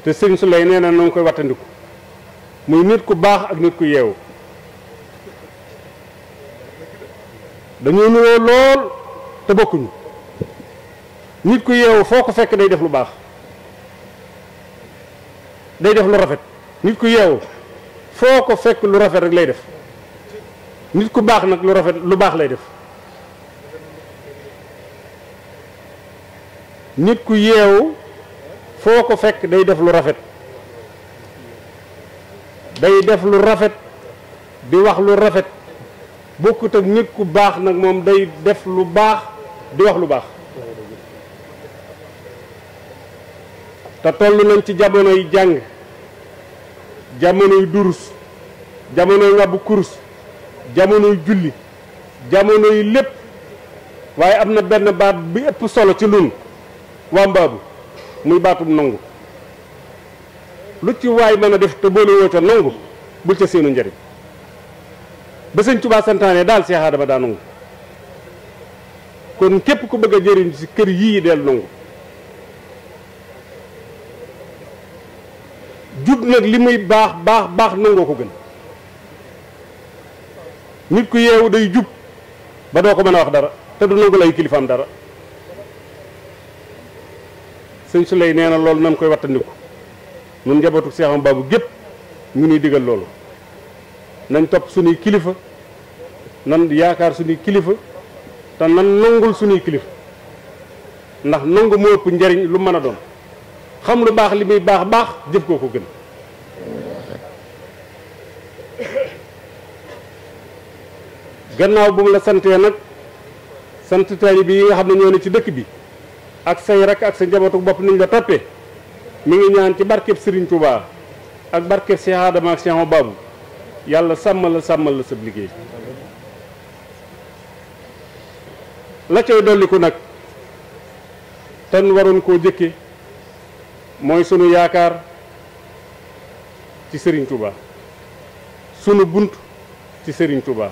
تسين سلينين أنا نكو واتندو ميميت كباخ أغنيت كيو dañu ñu lool te bokku ñu nit ku yew foko fekk day def lu baax day def lu rafet nit ku yew foo ko fekk lu rafet rek lay def nit ku baax nag lu rafet lu baax lay def nit ku yeewu foo ko fekk day def lu rafet day def lu rafet di wax lu rafet bokkut ak nit ku baax nag moom day def lu baax di wax lu baax te toll nañ ci jamonoy jàng jamonoy durus jamonoy ngàbbu kurus jamono julli jamonoy lépp waaye am na benn baat bu ëpp solo ci nun waa mbaabu muy baatum nangu lu ci waay mën a def te boole woo ca nangu bul ca seenu njëriñ ba sëñ Tuubaa santaane daal Seex Aadama daa nangu kon képp ku bëgg a ci kër yii del nangu jub nag li muy baax baax baax nangoo ko gën nit ku yeewu day jub ba doo ko mën a wax dara te du nangu ay kilifaam dara sëñ su nee na loolu nan koy wattandiku nun njabootu seexam baabu gépp ñu nuy diggal loolu nañ topp suñuy kilifa nan yaakaar suñuy kilifa te nan nangul suñuy kilifa ndax nangu moo ëpp njariñ lu mën a doon xam lu baax li muy baax baax jëf koo ko gën gannaaw bu mu la sante nag sant taalibe yi nga xam ne ñoo ne ci dëkk bi ak say rakk ak sa njabootu bopp niñ la toppee mi ngi ñaan ci barkeb sëriñ Touba ak barkeb Cheikh Adama ak Cheikh Babou yàlla sàmmal la sàmmal la sa liggéey la dolliku nag ten waroon koo jëkke mooy sunu yaakaar ci Serigne Touba sunu bunt ci sëriñ tubaa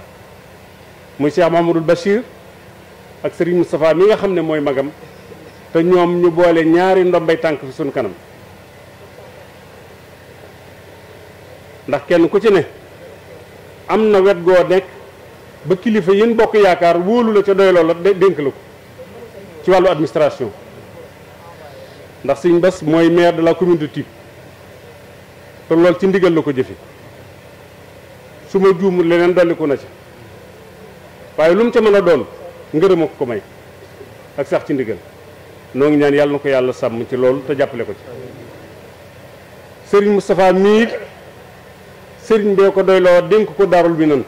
muy Cheikh Mahamadul Bachir ak Serigne Moustapha mi nga xam ne mooy magam te ñoom ñu boole ñaari ndombay tànk fi suñu kanam ndax kenn ku ci ne am na wet goo nekk ba kilifa yéen bokk yaakaar wóolu la ca doyloo la dénk la ko ci wàllu administration ndax Serigne Bass mooy maire de la commune de Typ te loolu ci ndigal la ko jëfe su ma juumul leneen dolliku na ci waaye lu mu ca mën a doon ngërëm ko ko may ak sax ci ndigal noo ngi ñaan yàlla na ko yàlla sàmm ci loolu te jàppale ko ci sëriñ Moustapha mii sëriñ bee ko doy loo dénk ko daarul bi nan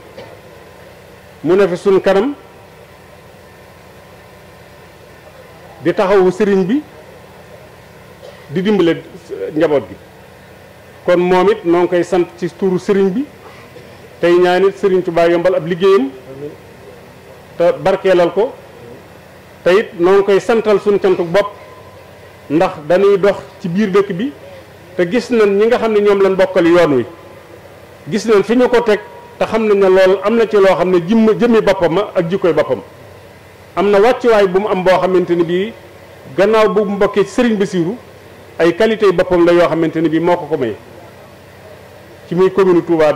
mu ne fi suñ kanam di taxawu sëriñ bi di dimbale njaboot gi kon moom it noo ngi koy sant ci tuuru sëriñ bi tey ñaanit sëriñ Tuubaa yombal ab liggéeyam te barkeelal ko te it noo ngi koy santal suñ cantuk bopp ndax dañuy dox ci biir dëkk bi te gis nañ ñi nga xam ne ñoom lañ bokkal yoon wi gis nañ fi ñu ko teg te xam nañ na loolu am na ci loo xam ne jëmm jëmmi boppam ak jikkoy boppam am na wàccuwaay bu mu am boo xamante ni bii gannaaw bu mu bokkee sëriñ Basiiru ay qualité yi boppam la yoo xamante ni bii moo ko ko may ci muy commune Touba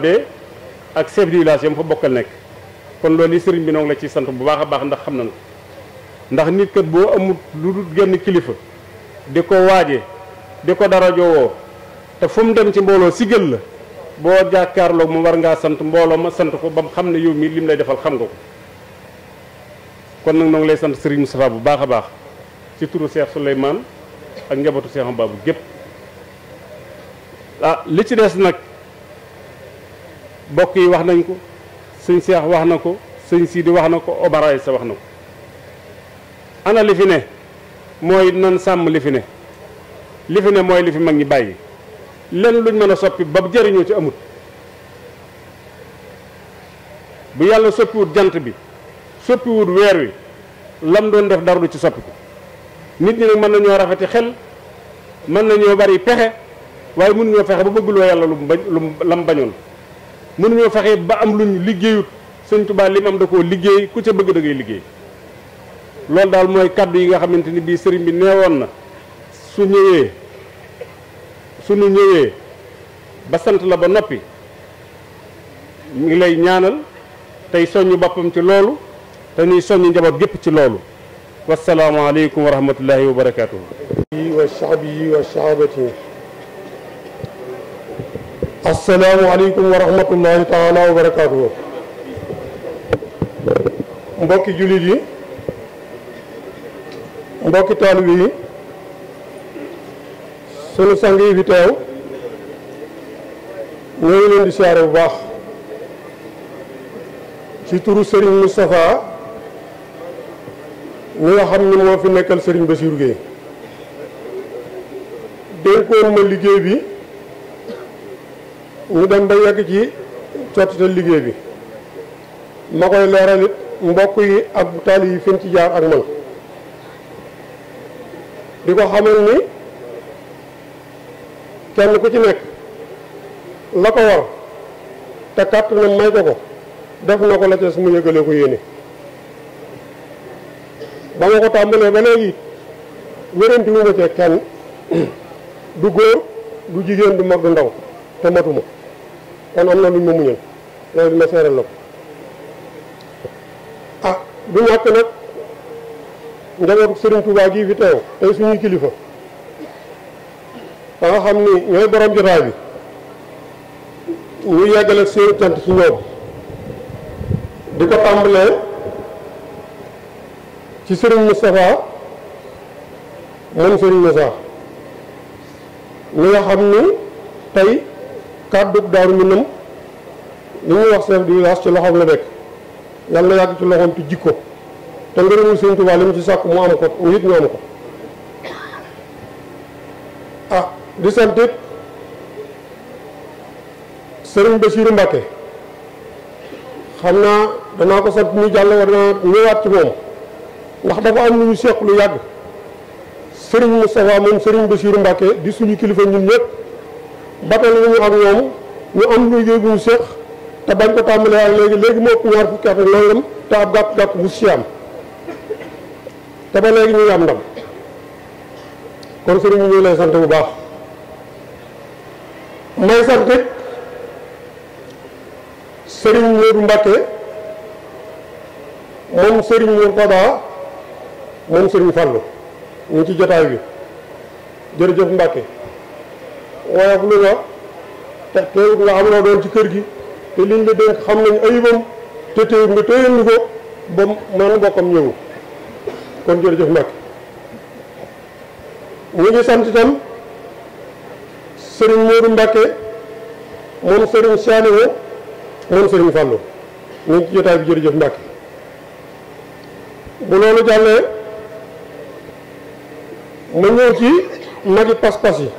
ak chef de village yam fa bokkal nekk kon loolu yi sëriñ bi noonu la ci sant bu baax a baax ndax xam na ko ndax nit kat boo amut lu dul genn kilifa di ko waaje di ko dara joowoo te fu mu dem ci mbooloo sigal la boo jàkkaarloo mu war ngaa sant mbooloo ma sant ko ba mu xam ne yow mii lim lay defal xam nga ko kon nag noo ngi lay sant Serigne Moustapha bu baax a baax ci turu Cheikh Souleymane ak njabootu Cheikh Mbabou gépp ah li ci des nag bokk yi wax nañ ko sëñ Seex wax na ko sëñ sii di wax na ko Obaraay sa wax na ko ana li fi ne mooy nan sàmm li fi ne li fi ne mooy li fi mag ñi bàyyi lenn luñ mën a soppi ba jëriñoo ci amut bu yàlla soppiwut jant bi soppiwut weer wi lam doon def dara du ci soppiku nit ñi nag mën nañoo rafeti xel mën ñoo bari pexe waaye mënuñoo fexe ba bëgguloo yàlla lu mu bañ lu mu lam bañoon mënuñoo fexe ba am luñ liggéeyut sëñ Tuubaa li mu am da koo liggéey ku ca bëgg da liggéey loolu daal mooy kàddu yi nga xamante ni bii sëriñ bi neewoon na su ñëwee suñu ñëwee basant la ba noppi mi ngi lay ñaanal tey soññ boppam ci loolu te ñuy soññ njaboot gépp ci loolu wassalaamu aleykum wa rahmatullahi wa barakaatuhu wa sahbihi wa asalaamualeykum wa rahmatullahi taala wa barakaatu. mbokki jullit yi mbokki taalibe yi sunu sang yi fi teew ñoo leen di siyaare bu baax ci turu Serigne Moustapha ñi nga xam ni moo fi nekkal Serigne Bassirou Gueye dénkoon ma liggéey bi ñu dem ba yegg ci sottital liggéey bi ma koy leeral mbokk yi ak taali yi fin ci jaar ak man di ko xamal ni kenn ku ci nekk la ko war te kàttanam may ko ko def na ko la ca mu yëgale ko yéene ba ma ko tàmbalee ba léegi wéranti wu kenn du góor du jigéen du mag du ndaw te kon am na lu ñu ma muñal loolu dina seeral la ko ah du ñàkk nag njabootu Serigne Touba gii fi teew tey suñuy kilifa ba xam ni ñooy borom jotaay bi ñu yeggale seen cant ci ñoom di ko tàmbalee ci Serigne Moustapha moom Serigne Moussa mi nga xam ni tey kàddu daaru ñu nëm li ñuy wax chef du village ci loxoom la nekk yàlla yàgg ci loxoom te jikko te ngërëmul Sëñ Tuubaa li mu ci sàkk mu am ko nit ñu am ko ah di sant it Sëriñ Basiiru Mbàkke xam naa danaa ko sant mu jàll war naa ñëwaat ci moom ndax dafa am lu ñu seq lu yàgg Sëriñ Moustapha moom Sëriñ Basiiru Mbàkke di suñu kilifa ñun ñëpp batal nañu ak ñoom ñu am ñu jéggu ñu séq te bañ ko tambalé ak légui légui mo ko war fu at ak nangam te ab gap gap bu siam am te ba légui ñu am ndam ko sëriñ bi ñu lay sant bu baax may sant it sëriñ Modou Mbacké moom sëriñ Mourtada moom sëriñ Fallou ñu ci jotaay bi jërëjëf Mbacké woyof lu nga te teewut nga am loo doon ci kër gi te liñ la dénk xam nañ ayibam te teewut nga téyal ñu ko ba mën bokkam ñëw kon jërëjëf nag ñu ngi sant itam sëriñ Modou Mbacke moom sëriñ Saliou moom sëriñ Fallou ñu ngi ci jotaay bi jërëjëf Mbacke bu loolu jàllee ma ñëw ci magi pas-pas yi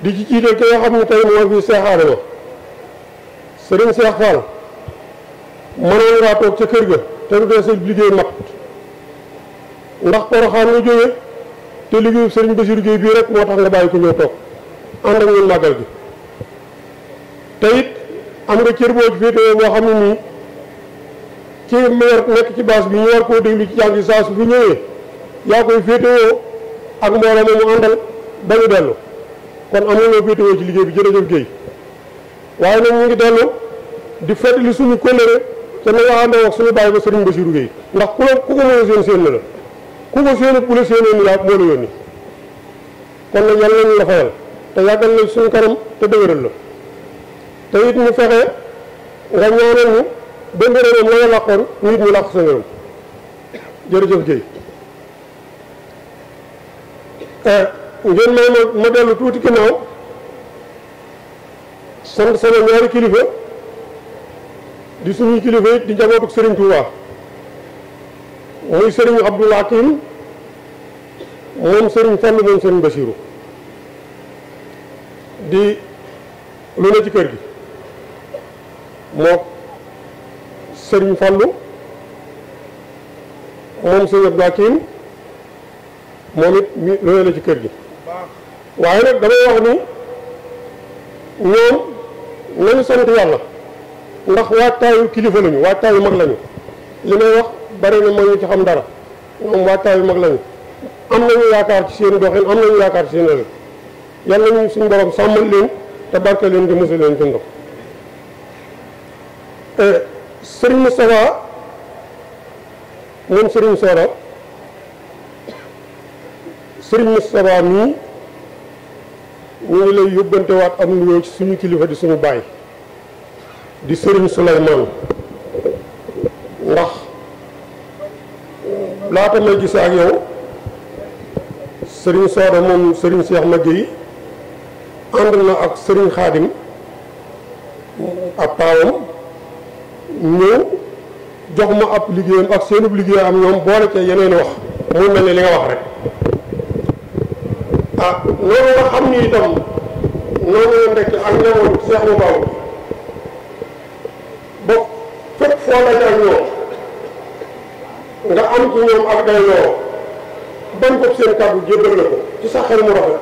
di ci jité ko nga tay mo tey mooy wa Cheikh Adama sëriñ Cheikh Fall mënoon ngaa toog ca kër ga té du sé sa mak ndax ko xam nga jógee té liggéeyu sëriñ bassir gey bi rek moo tax nga bayiko ñu tok and ak ñu magal gi te it am nga cër bo ci féetewoo boo xamni ni nii ci meer nekk ci bass bi ñu war koo déglu ci jàngi saa bu ñëwé ya koy koy féetewoo ak mbooloo mu àndal ba ñu dellu kon amuloo féetewoo ci liggéey bi jërëjëf Guèye waaye nag ñu ngi dellu di fàttali suñu kóllëre te na waxandoo wax suñu bàyyi ba sëriñ Bassirou Guèye ndax ku la ku ko mën a séen séen na la ku ko séenut bu la séenoon yaa moo la yónni kon nag yàlla nañu la fayal te yàggal la suñu kanam te dëgëral la te it ñu fexe nga ñaanal ñu ba ngërëmam la nga làqoon ñu it ñu làq sa ngërëm jërëjëf Guèye eh, ngeen may ma ma dellu tuuti ginnaaw sant sama ñaari kilifa di suñuy kilifa it di njabootuk Serigne Touba mooy Serigne Abdoul Hakim moom Serigne Fallou moom Serigne Bassirou di lu ne ci kër gi mook Serigne Fallou moom Serigne Abdoul Hakim moom it lu ne la ci kër gi waaye nag damay wax ni ñoom nañu sant yàlla ndax waataayu kilifa lañu waataayu mag lañu li may wax bari na mag ñu ci xam dara ñoom waataayu mag lañu am nañu yaakaar ci seen doxin am nañu yaakaar ci seen ëllëg yàlla ñu suñu borom sàmmal leen te barke leen di mosu leen ci ndox eh, Serigne Moustapha moom Serigne Sora Serigne Moustapha mii ñu ngi lay yóbbantewaat am nuyoo ci suñu kilifa di suñu baay di sëriñ Souleymane ndax laata may gisee ak yow sëriñ Sooda moom sëriñ Cheikh Maguette yi ànd na ak sëriñ Xaadim ab paawam ñëw jox ma ab liggéeyam ak seenub liggéey am ñoom boole ca yeneen wax muy mel ne li nga wax rek ah loolu nga xam ni itam noonu la nekk ak njabootu Seex bu Baaw ba fépp foo la ak ñoom nga am ci ñoom ak day loo bañ ko seen kàddu jébbal la ko ci sa xel mu rafet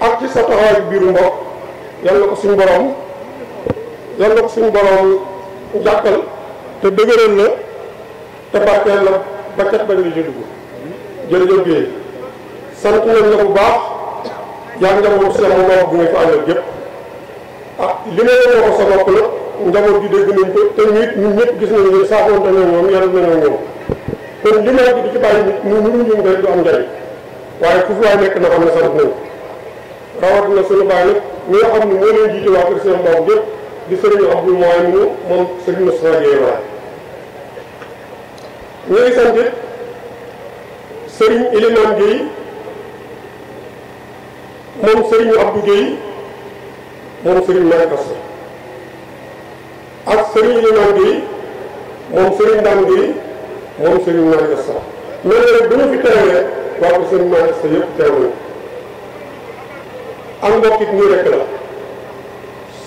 ak ci sa taxawaayu biiru mbokk yal na ko suñu borom yal na ko suñu borom jàkkal te dëgëral la te barkeel la ba cat bañ la jënd ko jërëjëf Guèye. sant nañ la bu baax yaa njaboot seen njaboot bi nga fi àndal yëpp ah li may waxoon sa bopp nag njaboot gi dégg nañ ko te nit ñun ñëpp gis nañ ne saafoonte na ñoom yàlla na ñoom kon li may di ci bàyyi nit ñun mënuñ ñu rek du am njariñ waaye fu fi waay nekk na xam ne sant nañ rawatina suñu bàyyi nag ñi nga xam ne moo leen jiite waa kër seen mbaam yëpp di sëriñ Abdul Mooy mu moom sëriñ Moustapha Gueye waay ñu ngi sant sëriñ Elimane Gueye moom Serigne Abdou Gueye moom Serigne Mère Kassé ak Serigne Limam Gueye moom Serigne Ndam Gueye moom Serigne Mère fi teewee waa ko Serigne Mère Kassé yëpp teew nañu ak it nii rek la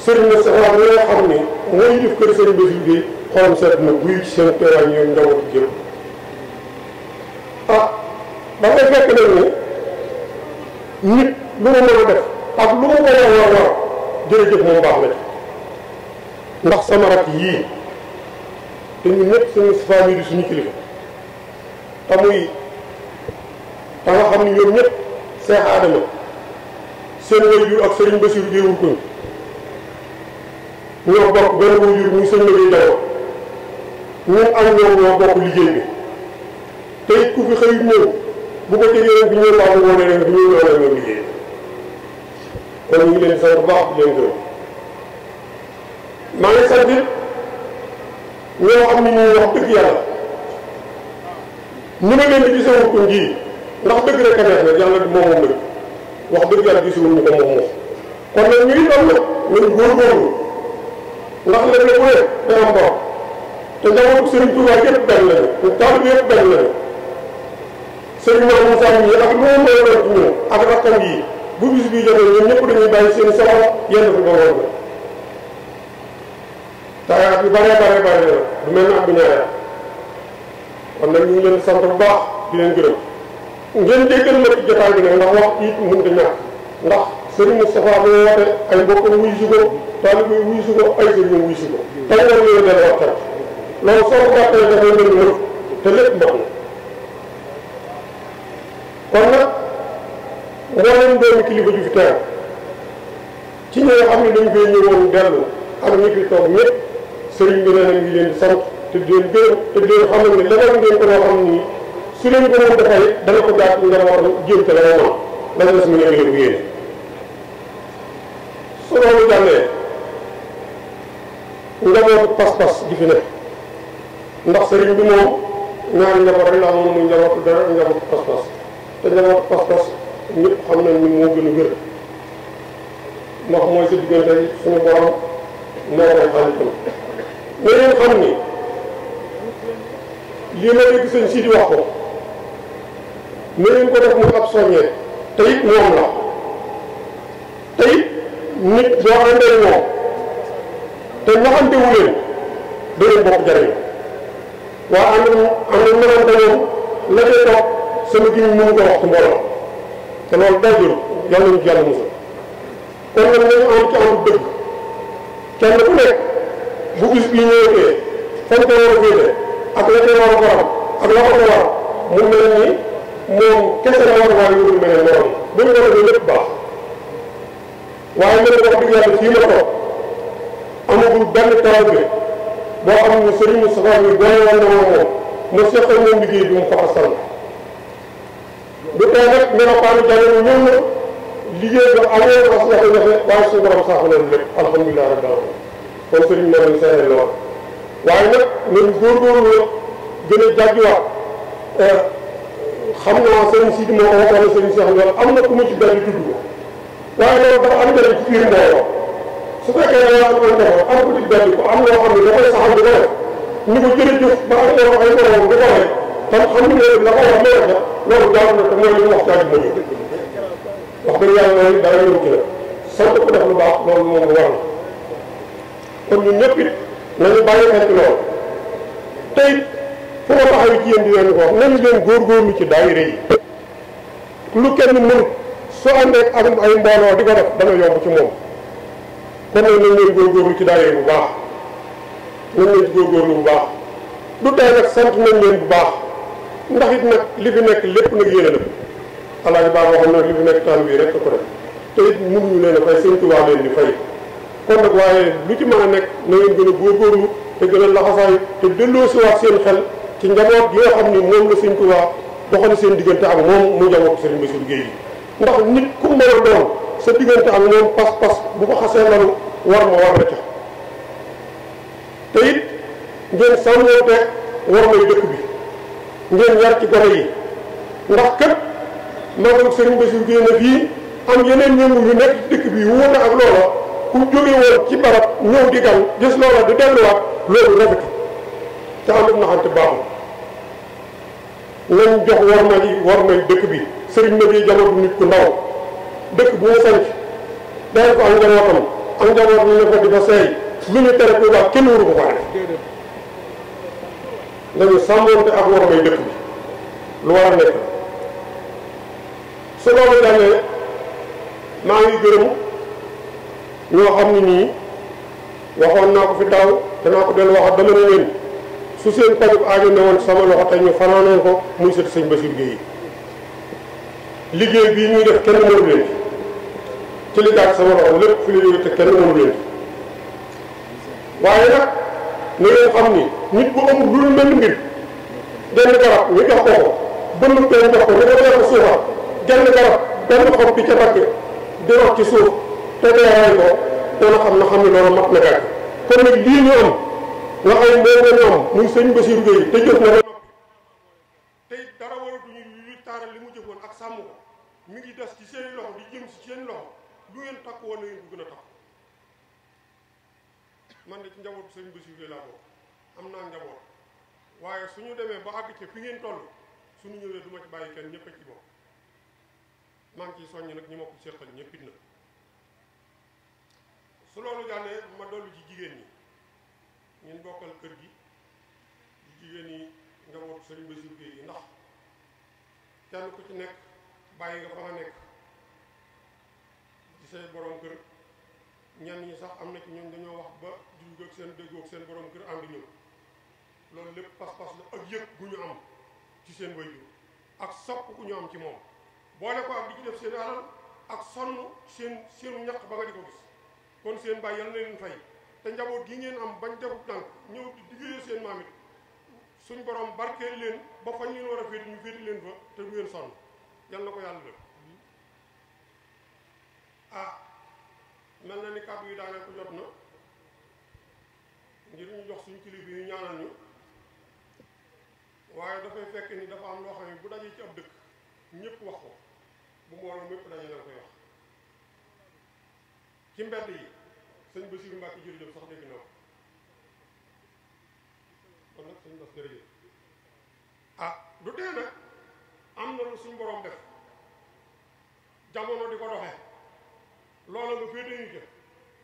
Serigne na saxaar li nga xam ni mooy def kër Serigne Bassirou Gueye xolam seet na buy seen teewaay ñoom njabootu jëm ah ba fekk nag ni nit lu mu mën a def ak lu mu war a war war jërëjëf moom baax na ci ndax sama rak yii te ñu ñëpp suñu famille di suñu kilifa te muy te xam ne ñoom ñëpp Cheikh Adama seen waajur ak Serigne Bassirou jéewul ko ñoo bokk benn waajur muy seen liggéey dayoo ñun ak ñoom ñoo bokk liggéey bi te it ku fi xëy ñëw bu ko tegee ren bi ñëw baaxul woon ren bi ñëw ñëw ren ñoom liggéey kon ñu ngi leen sant bu baax di leen gërëm maa ngi sant ñoo xam ne ñuy wax dëgg yàlla ni ma leen di gisee waxtu njii ndax dëgg rek a neex na yàlla moom moom dëgg wax dëgg yàlla gisuwul ñu ko moom moom kon nag ñu ngi doon nag nañ góorgóorlu ndax léeg bu ne day am borom te njabootu Serigne Touba yëpp benn lañu te taalibe yëpp benn lañu Serigne Moussa yi ak lu mu mën a ak rakkam yi bu bis bi jotee ñoom ñëpp dañuy bàyyi seen soxla yenn fi dogoon ko tagaat yu bare bare bare la du mel na bu ñaareel kon nag ñu ngi leen bu baax di leen gërëm ngeen déggal ma ci jotaay bi nag ndax wax it mënut a ñàkk ndax sëriñ Moustapha bu woote ay mbokkam wuy si ko taalib bi wuy si ko ay sëriñ wuy si ko tey war ngeen dana waxtaan loolu soo ko gàttalee dafay mel ni te lépp mbokk na kon nag mboolem doomu kilifa ju fi teew xam ne dañ fee ñëwoon dellu ak ñi fi toog ñëpp sëriñ bi nee na ngi leen di sant te di leen gërëm te di leen xamal ne ko loo xam ni su leen ko mën defal dana ko te la ma la des mu bu yéene su pas-pas di fi ne ndax sëriñ bi moom ñaari njaboot rek la amoon muy njabootu dara njabootu pas-pas te njabootu pas-pas ñëpp xam nañ ni moo gën wér ndax mooy sa diggante suñu borom moo koy xaalitam mais xam ni lii ma dégg sëñ si di wax ko na ngeen ko def mu ab soññee te it moom la te nit boo àndee moom te naxante wu leen da ngeen bokk jariñ waa ànd am na naxante moom la koy toog sama gi mënu ko wax ci mbooloo te loolu dajul yàlla nañu ci yàlla musal kon nag nañu am ci am dëgg kenn ku nekk bu bis bi ñëwee fan war a féetee ak la war a borom ak la ko war mu mel ni moom kese la war a war yu mel noonu bu ñu ko lépp baax waaye mën na wax fii ma toog amagul benn taalibe boo xam ne Serigne Moustapha mi doon woon na moom mu seqal moom liggéey bi mu faxasal bu tey nag melokaanu jamono ñëw na liggéey ba amoon wax nga ko jafe waaye suñu borom sax leen lépp alhamdulilah rabbil alamin kon sëriñ ne leen seere lool waaye nag nañ góorgóorlu gën a jàjjuwaat euh, xam naa sëriñ Sidi moo ko waxoon sëriñ Cheikh loolu am na ku mu ci benn tudd ko waaye loolu dafa am njëriñ ci biir mbooloo su fekkee da am an defo am ku ci benn ko am loo xam ne dafay saxal di ko def ñu ko jërëjëf ba ak ay moroom di ko rek xam-xam bu dee la ko wax loolu la na te mooy li mu wax daal dina def lu baax loolu moom war na kon ñun ñëpp it nañu bàyyi xel ci loolu tey fu ma taxaw ci yéen di leen wax góor leen góorgóorlu ci daayira yi lu kenn mënut soo àndee ak ay mbooloo di ko def dana yomb ci moom kon nag nañ leen góorgóorlu ci daayira bu baax nañ leen góorgóorlu bu baax du tey nag sant nañ leen bu baax ndax it nag li fi nekk lépp nag yéene la alaaji baa boo xam ne li fi nekk taal bii rek ko def te it mënuñu leen a fay seen tubaab leen ñu fay kon nag waaye lu ci mën a nekk na ngeen gën a góorgóorlu te gën a laxasaay te delloo siwaat seen xel ci njaboot gi nga xam ni moom la seen tubaab doxali seen diggante ak moom mu njaboot sëriñ Bassirou Gueye yi ndax nit ku mën a doon sa diggante ak moom pas-pas bu ko xasee lalu war ma war na ca te it ngeen sàmmonte dëkk bi ngeen yar ci gone yi ndax képp magam sëriñ ba Guèye na fii am yeneen ñëngu yu nekk dëkk bi wuute ak loola ku jóge woon ci barab ñëw di gan gis loola di delluwaat loolu rafet te am na xam te baaxul nañ jox war na yi war na dëkk bi sëriñ na fii jamono nit ku ndaw dëkk bu mu sanc day ko am njabootam am njaboot ñu ne ko di fa seey lu ñu tere ku baax kenn waru ko ko nañu sàmmoonte ak war may dëkk bi lu war a nekk su loolu dalee maa ngi gërëm ñoo xam ne nii waxoon naa ko fi daaw danaa ko dellu waxaat dama ne leen su seen pajub aajo ne woon sama loxo tey ñu fanaanoo ko muy sët sëñ Bassirou Gueye liggéey bii ñuy def kenn mënu leen ci li daal sama loxo lépp fi la jóge te kenn mënu leen waaye nag li ngay xam ni nit bu amul lu dul benn mbir benn garab ñu jox ko ko bënd jox ko ñu ko jox suufam genn garab benn xob bi ca di ci suuf te ko xam na xam ni loolu mat na gàgg kon nag lii ñu am nga xam moo nga ñoom muy sëñ Bassirou Gueye te jëf na ba tey dara ñu taaral li mu jëfoon ak sàmm ko mi ngi des ci seen loxo di jëm ci seen loxo lu ngeen takk woon na ngeen takk man de ci njabootu sëñ Bassirou Gueye laa bokk am naa njaboot waaye suñu demee ba àgg ci fi ngeen toll suñu ñëwee duma ci bàyyi kenn ñëpp a ci bokk maa ngi ciy soññ nag ñi ma ko seqal ñëppit na su loolu jàllee ma dollu ci jigéen ñi ngeen bokkal kër gi jigéen yi njabootu sëñ Bassirou Gueye yi ndax kenn ku ci nekk bàyyi nga fa nga nekk ci say borom kër ñenn ñi sax am ci ñoom dañoo wax ba juug ak seen seen borom kër loolu pas-pas la ak yëg gu ñu am ci seen waajur ak sopp ku ñu am ci moom boole ko ak di ci def seen alal ak sonn seen seenu ñaq ba nga di ko gis kon seen bàyyi yal leen fay te njaboot gi ngeen am bañ di seen suñ borom leen ba fañ leen a ñu leen fa te ko ah mel na ni kàddu yi daanee ko jot na ngir ñu jox suñu kilifa yu ñaanal ñu waaye dafay fekk ni dafa am loo xam ne bu dajee ci ab dëkk ñëpp wax ko bu mbooloo mépp daje na koy wax ci mbedd yi sëñ Bassirou Mbacke jërëjëf sax dégg na ko kon nag sëñ Bass jërëjëf ah du tee nag am na lu suñ borom def jamono di ko doxee loolu nga féete ñu ca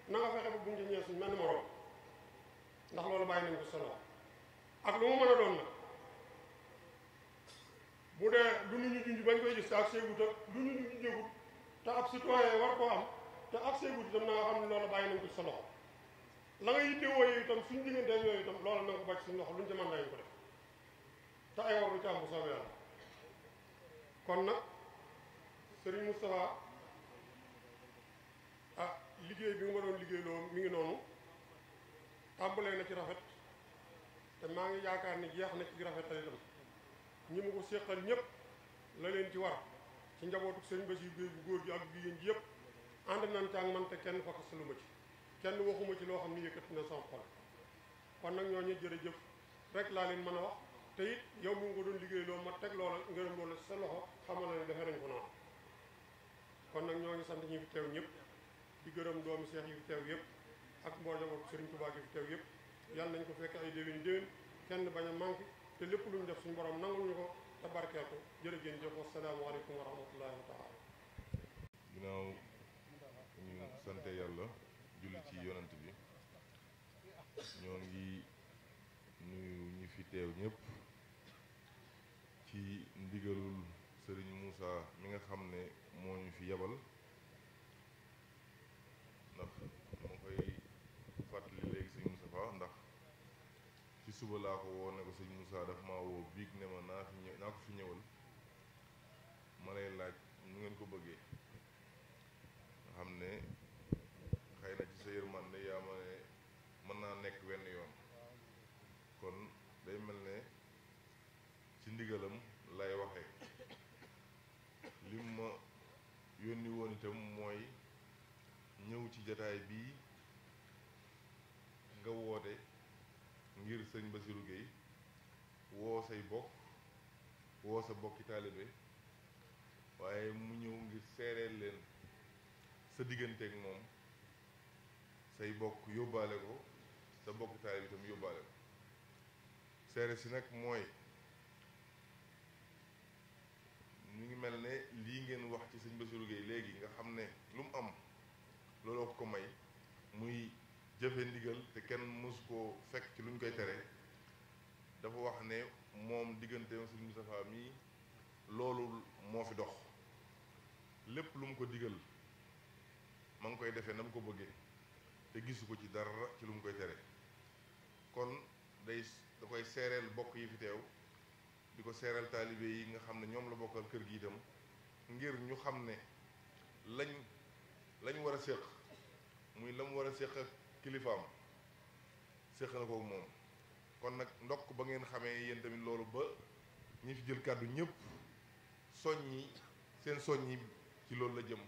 na nga fexe ba buñ ca ñëwee suñ menn morom ndax loolu bàyyi nañ ko solo ak lu mu mën a doon nag bu dee lu nu ñu junj bañ koy gis te ak seegut ak lu nu ñu junjegut war koo am te ak seegut itam na nga xam ne solo la nga yitte wooyu itam suñ diggante yooyu itam loolu na nga ko suñ loxo luñ ca mën nañ ko def te ay war du ca am bu soobee yàlla kon nag Serigne Moustapha ah liggéey bi nga doon liggéey loo mi ngi noonu tàmbalee na ci rafet te maa ngi yaakaar ni jeex na ci rafetal itam ñi ma ko séqal ñëpp la leen ci war ci njabootu sëñ Bassirou Gueye bu góor gi ak jigéen ji yëpp ànd nañ ca man te kenn fakkasalu ma ci kenn waxuma ci loo xam ni yëkkati na sama xol kon nag ñoo ñu ñooñu jërëjëf rek laa leen mën a wax te yow mu nga ko doon liggéey loo ma teg loola ngërëm loola sa loxo xamal na ne defee nañ ko noonu kon nag ñooñu sant ñi ñëpp di gërëm doomi seex yi fi teew yëpp ak mboolem ak sëriñ Tuubaa gi fi teew yëpp yàlla nañ ko fekk ay déwén déwén kenn bañ a te lépp luñ def suñu boroom nangul ñu ko te barkeel ko jërë ngeen jëf wasalaamaaleykum wa rahmatullahi wa taala ginnaaw ñu sante yàlla julli ci yonant bi ñoo ngi nuyu ñi fi teew ñëpp ci ndigalul sëriñ Moussa mi nga xam ne moo ñu fi yebal suba laa ko woo ne ko sëñ Moussa daf maa woo biig ne ma naa fi ñëw naa ko fi ñëwal ma lay laaj nu ngeen ko bëggee xam ne xëy na ci sa yërmande naa nekk wenn yoon kon day mel ne ci ndigalam lay waxee lim ma yónni woon itam mooy ñëw ci jataay bii nga woote ngir sëñ Bassirou Gueye woo say bokk woo sa bokki taalibe waaye mu ñëw ngir seereel leen sa digganteeg moom say bokk yóbbaale ko sa bokki taalibe itam yóbbaale ko seere si nag mooy mu ngi mel ne lii ngeen wax ci sëñ Bassirou Gueye léegi nga xam ne lu mu am looloo ko ko may muy jëfe ndigal te kenn mosu koo fekk ci lu ñu koy teree dafa wax ne moom diggante sëñ Moustapha mii loolu moo fi dox lépp lu mu ko digal ma ngi koy defee na mu ko bëggee te gisu ko ci dara ci lu mu koy teree kon day da koy seereel bokk yi fi teew di ko seereel taalibe yi nga xam ne ñoom la bokkal kër gi itam ngir ñu xam ne lañ lañ war a séq muy la mu war a séq kilifaam séq na ko moom kon nag ndokk ba ngeen xamee yéen tamit loolu ba ñi fi jël kàddu ñëpp soññi seen soññi ci loolu la jëm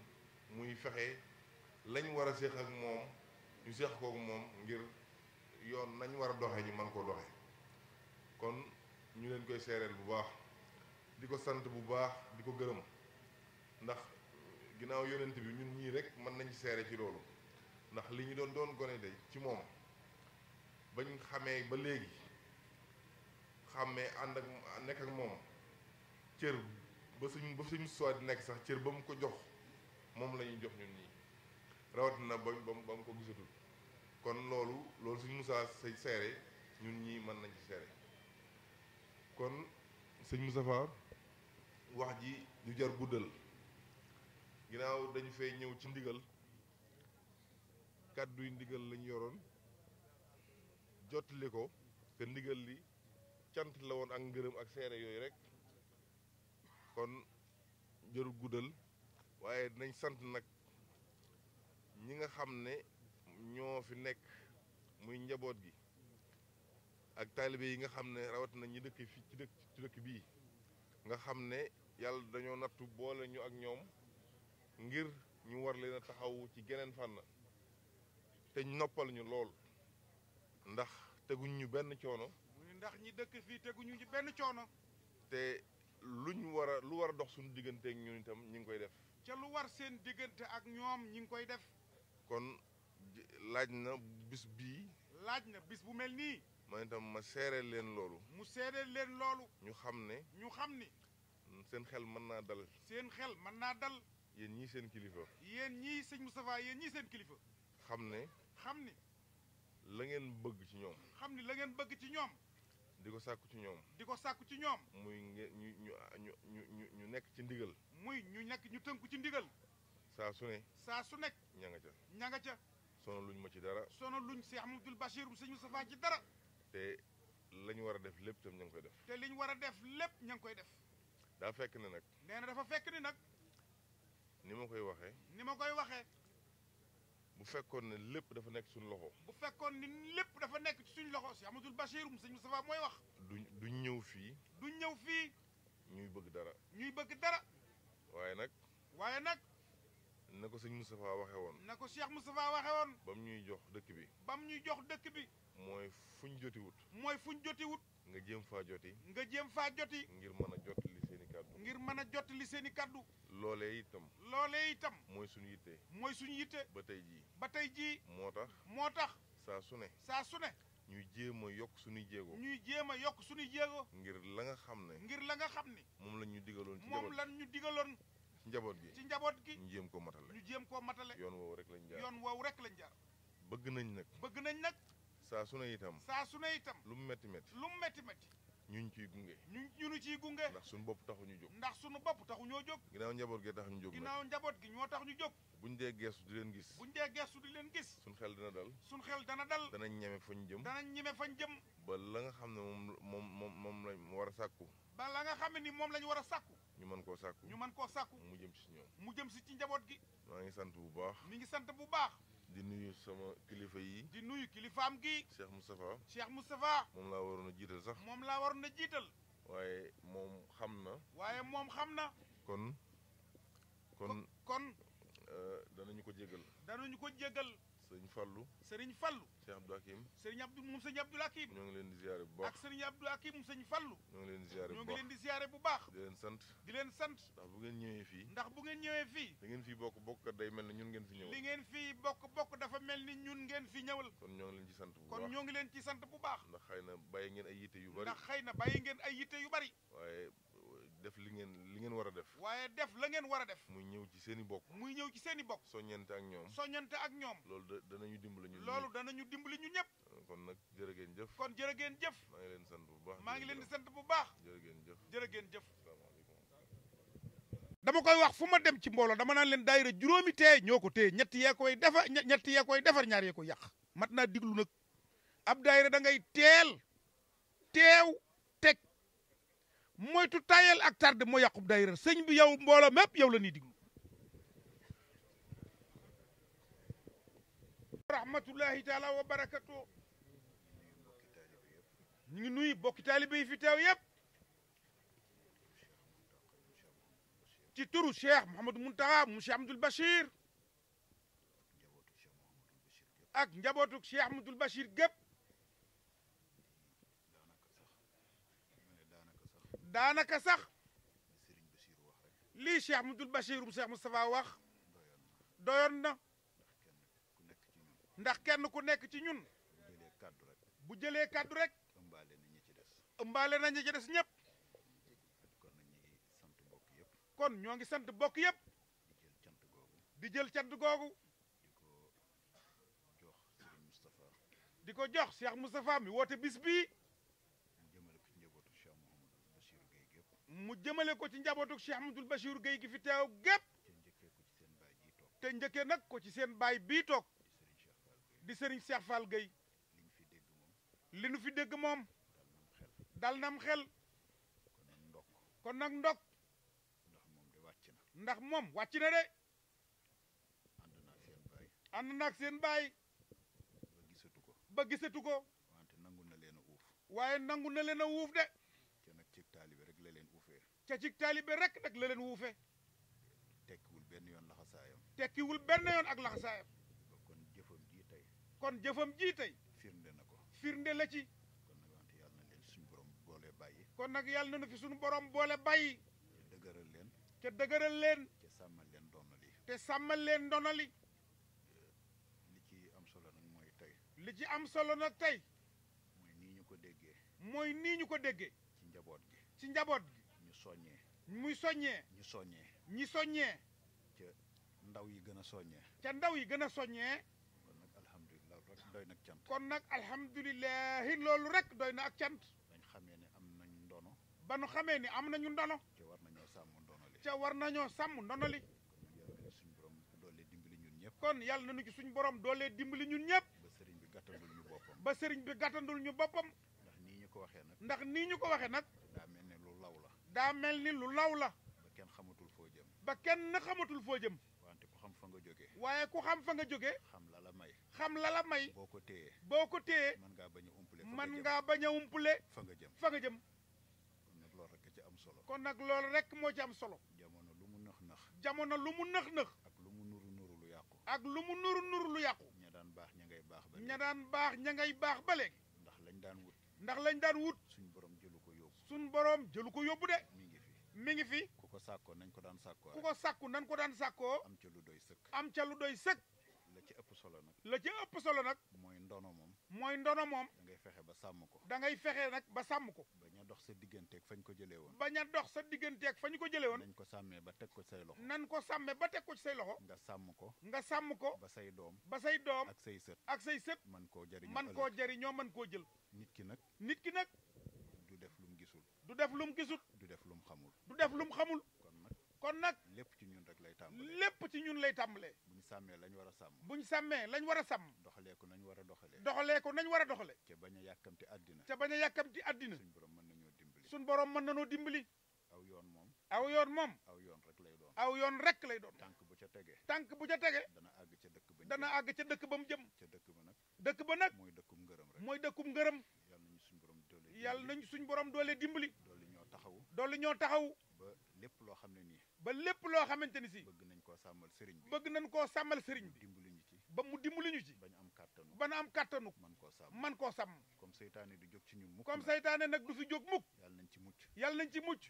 muy fexe lañ war a séq ak moom ñu séq kook moom ngir yoon nañ war a doxe ñu man koo doxe kon ñu leen koy seereel bu baax di ko sant bu baax di ko gërëm ndax ginnaaw yonent bi ñun ñii rek mën nañ seere ci loolu ndax li ñu doon doon gone day ci moom bañ xamee ba léegi xàmmee ànd ak nekk ak moom cër ba suñ ba suñu soit di nekk sax cër ba mu ko jox moom la ñuy jox ñun ñii rawat na ba ba mu ko gisatul kon loolu loolu suñ Moussa say seere ñun ñii mën nañ ci seere kon sëñ Moustapha wax ji du jar guddal ginnaaw dañu fay ñëw ci ndigal kàdduy ndigal lañu yoroon jottali ko te ndigal li cant la woon ak ngërëm ak seere yooyu rek kon jëru guddal waaye dinañ sant nag ñi nga xam ne ñoo fi nekk muy njaboot gi ak taalibe yi nga xam ne rawat na ñi dëkk fii ci dëkk ci dëkk bii nga xam ne yàlla dañoo nattu boole ñu ak ñoom ngir ñu war leen a taxawu ci geneen fànn te noppal ñu lool ndax teguñ ñu benn coono. muy ndax ñi dëkk fii teguñu ñu benn coono. te luñ war a lu war a dox suñu diggante ak ñun itam ngi koy def. ca war seen diggante ak ñoom ñi ngi koy def. kon laaj na bis bii. laaj na bis bu mel nii. man itam ma seeree leen loolu. mu seeree leen loolu. ñu xam ne. ñu xam ni. seen xel mën naa dal. seen xel mën naa dal. yéen ñii seen kilifa. yéen ñii sëñ Moustapha yéen ñii seen kilifa. xam ne. xam ni. la ngeen bëgg ci ñoom. xam ni la ngeen bëgg ci ñoom. di ko sàkku ci ñoom. di ko sàkku ci ñoom. muy ngeen ñu ñu ñu nekk ci ndigal. muy ñu nekk ñu tënku ci ndigal. saa su ne. saa su nekk. ña nga ca. ña ca. sono luñ ma ci dara. sono luñ Cheikh Mouhamadoul Bachir mu sëñ Moustapha ci dara. te la ñu war a def lépp tam ña ngi koy def. te li ñu war a def lépp ña ngi koy def. daa fekk ne nag. nee na dafa fekk ni nag. ni ma koy waxee. ni ma koy waxee. bu fekkoon ne lépp dafa nekk suñu loxo. bu fekkoon ne lépp dafa nekk suñ loxo si Amadou Bachir sëñ Moustapha mooy wax. duñ duñ ñëw fii. duñ ñëw fii. ñuy bëgg dara. ñuy bëgg dara. waaye nag. waaye nag. na ko sëñ Moustapha waxe woon. na ko Cheikh Moustapha waxe woon. ba mu ñuy jox dëkk bi. ba mu ñuy jox dëkk bi. mooy fuñ jotiwut. mooy fuñ jotiwut. nga jéem faa joti. nga jéem faa joti. ngir mën a jot. ngir mën a jottali seen i kaddu. loolee itam. loolee itam. mooy suñu yitte. mooy suñu yitte. ba tey jii. ba tey jii. moo tax. moo tax. saa sune saa su ne. ñuy jéem a yokk suñuy jéegoo ñuy jéem a yokk suñuy jéego. ngir la nga xam ne. ngir la nga xam ni moom lañ ñu digaloon ci moom lañ ñu digaloon. ci njaboot gi ci njaboot gi. ñu jéem koo matale. ñu jéem koo matale. yoon woowu rek lañ jaar yoon woowu rek lañ jaar. bëgg nañ nag. bëgg nañ nag. saa su ne itam. saa su ne itam. lu mu métti métti. lu mu métti métti. ñu ñu ciy gunge ñu ñu ci gunge ndax suñu bopp taxu ñu jóg ndax suñu bopp taxu ñoo jóg ginnaaw njaboot gi tax ñu jóg ginnaaw njaboot gi ñoo tax ñu jóg buñ dee geestu di leen gis buñ dee geestu di leen gis suñ xel dana dal suñ xel dana dal danañ ñeme ñu jëm danañ ñeme fañ jëm ba la nga xam ne moom moom moom moom lañ war a sàkku ba la nga xam ne ni moom la ñu war a sàkku ñu mën koo sàkku ñu mën koo sàkku mu jëm si ñoom mu jëm si ci njaboot gi maa ngi sant bu baax mi ngi sant bu baax di nuyu sama kilifa yi. di nuyu kilifaam gi. Cheikh Moustapha. Cheikh Moustapha. moom laa waroon a jiital sax. moom laa waroon a jiital. waaye moom xam na. waaye moom xam na. kon. kon kon. Euh, danañu ko jégal. danañu ko jégal. sëriñ Fallu. sëriñ Fallu. Cheikh Abdou Hakim sëriñ Abdou moom sëriñ Abdou Hakim ñoo ngi leen di ziyaare bu baax ak sëriñ Abdou Hakim moom Fallu ñoo ngi leen di ziyaare ñoo ngi leen di bu baax di leen sant di leen sant ndax bu ngeen ñëwee fii ndax bu ngeen ñëwee fii da ngeen fii bokk bokk day mel ni ñun ngeen fi li ngeen fii bokk bokk dafa mel ni ñun ngeen fi ñëwal kon ñoo ngi leen ci sant bu baax ñoo ngi leen ci sant bu baax ndax xëy na bàyyi ngeen ay yitte yu bari ndax xëy na bàyyi ngeen ay yitte yu bari waaye def li ngeen li ngeen war a def waaye def la ngeen war a def muy ñëw ci seen i bokk muy ñëw ci seen i bokk soññante ak ñoom soññante ak ñoom loolu danañu dimbali ñu loolu danañu dimbali ñu ñëpp kon nag jërë jëf kon jërë jëf maa ngi leen sant bu baax maa ngi leen di sant bu baax jërë jëf jërë jëf dama koy wax fu ma dem ci mbooloo dama naan leen daayira juróomi tee ñoo ko ñetti yee koy defa ñetti yee koy defar ñaar yee koy yàq mat diglu nag ab daayira da ngay teel teew moytu tayel ak tarde moo yàqub daayira sëñ bi yow mbooloo mépp yow la ni diglu rahmatullahi taala wa barakatu ñu ngi nuyu bokki taalibe yi fi teew yëpp ci turu cheikh mouhamadou muntaha mu cheikh ahmadul bachir ak njabootuk cheikh ahmadul bachir gépp daanaka sax lii Cheikh Mouhamadoul Bachir Cheikh Moustapha wax doyoon na ndax kenn ku nekk ci ñun bu jëlee kàddu rek ëmbaale na ñi ci des ñëpp kon ñoo ngi sant bokk yépp di jël cant googu di ko jox Cheikh Moustapha mi woote bis bii mu jëmale ko ci njabootu Cheikh Ahmadul Bachir Gueye gi fi teew gépp te njëkkee nag ko ci seen baay bi toog di sëriñ seex Fall Gueye li nu fi dégg moom dal nam xel kon nag ndok ndax moom wàcc na de ànd naag seen baay ba gisatu ko wante nangu na leen a wuuf waaye nangu na leen a wuuf de ca cig taalibe rek nag la leen wuufe tekkiwul benn yoon laxasaayam tekkiwul benn yoon ak laxasaayam kon jëfam jii tey kon jëfam jii tey firnde na ko firnde la ci kon nag wante na leen suñu borom boole bàyyi kon nag yàlla na fi suñu borom boole bàyyi ca dëgëral leen ca dëgëral leen te sàmmal leen ndonali te sàmmal leen ndonali li ci am solo nag mooy tey li ci am solo nag tey mooy nii ñu ko déggee mooy nii ñu ko déggee ci njaboot gi ci njaboot soññee muy soññee ñu soññee ñi soññee ca ndaw yi gën a soññee ca ndaw yi gën a soññee kon nag alhamdulilah rek doy na ak cant kon nag alhamdulilahi loolu rek doy na ak cant dañ xamee ne am nañ ndono ba nu xamee ne am nañu ndono ca war nañoo sàmm ndono li ca war nañoo sàmm ndono li suñ borom doolee dimbali ñun ñëpp kon yàlla nañu ci suñ borom doolee dimbali ñun ñëpp ba sëriñ bi gàttandul ñu boppam ba sëriñ bi gàttandul ñu boppam ndax nii ñu ko waxee nag ndax nii ñu ko waxee nag daa mel ni lu law la. ba kenn xamatul foo jëm. ba kenn xamatul foo jëm. wante ku xam fa nga jóge waaye ku xam fa nga jóge xam la la may. xam la la may. boo ko téyee. boo ko téyee. mën ngaa bañ a umpule. mën ngaa bañ a umpule. fa nga jëm fa nga jëm. kon nag loolu rek ci am solo. kon nag loolu rek moo ci am solo. jamono lu mu nëx nëx. jamono lu mu nëx nëx. ak lu mu nuru nuru lu yàqu. ak lu mu nuru nuru lu yàqu. ña daan baax ña ngay baax ba léegi. ña daan baax ña ngay baax ba léegi. ndax lañ daan wut. ndax lañ daan wut. sun borom jëlu ko yóbbu de. mi ngi fi mi ngi fi. ku ko sàkkoo nañ ko daan sàkkoo ku ko sàkku nañ ko daan sàkkoo. am ca lu doy sëkk. am ca lu doy sëkk. la ci ëpp solo nag. la ci ëpp solo nag. mooy ndono moom. mooy ndono moom. da ngay fexe ba sàmm ko. da ngay fexe nag ba sàmm ko. bañ a dox sa digganteeg fañ ko jëlee woon. ba a dox sa digganteeg ñu ko jëlee woon. nañ ko sàmmee ba teg ko say loxo. nan ko sàmmee ba teg ko ci say loxo. nga sàmm ko. nga sàmm ko. ba say doom. ba say doom ak say sët. ak say sët. mën koo jëriñoo mën koo jëriñoo mën koo jël. nit ki nag. nit ki nag. du def lum gisut. du def lum xamul. du def lum xamul. kon nag kon nag. lépp ci ñun rek lay tàmbalee. lépp ci ñun lay tàmbalee. bu ñu sàmmee lañ war a sàmm. bu ñu sàmmee lañ war a sàmm. doxalee ko nañ war a doxalee. doxalee ko nañ war a doxalee. ca bañ a yàkkamti àddina. ca bañ a yàkkamti àddina. suñ borom mën nañoo dimbali. suñ boroom mën nañoo dimbali. aw yoon moom. aw yoon moom. aw yoon rek lay doon. aw yoon rek lay doon. tànk bu ca tegee. tànk bu ca tegee. dana àgg ca dëkk ba. dana àgg ca dëkk ba mu jëm. ca dëkk ba nag. dëkk ba nag. mooy dëkkum ngërëm mooy dëkkum ngërëm yàlla nañ suñ borom doole dimbali. doole ñoo taxawu. doole ñoo taxawu. ba lépp loo xam ne nii. ba lépp loo xamante ni si. bëgg nañ koo sàmmal sëriñ bi. bëgg nañ koo sàmmal sëriñ bi. dimbali ñu ci. ba mu dimbali ñu ci. ba ñu am kàttanu. ba ñu am kàttanu. man koo sàmm man koo sàmm. comme seytaane du jóg ci ñu mukk. comme seytaane nag du fi jóg mukk. yàlla nañ ci mucc. yàlla nañ ci mucc.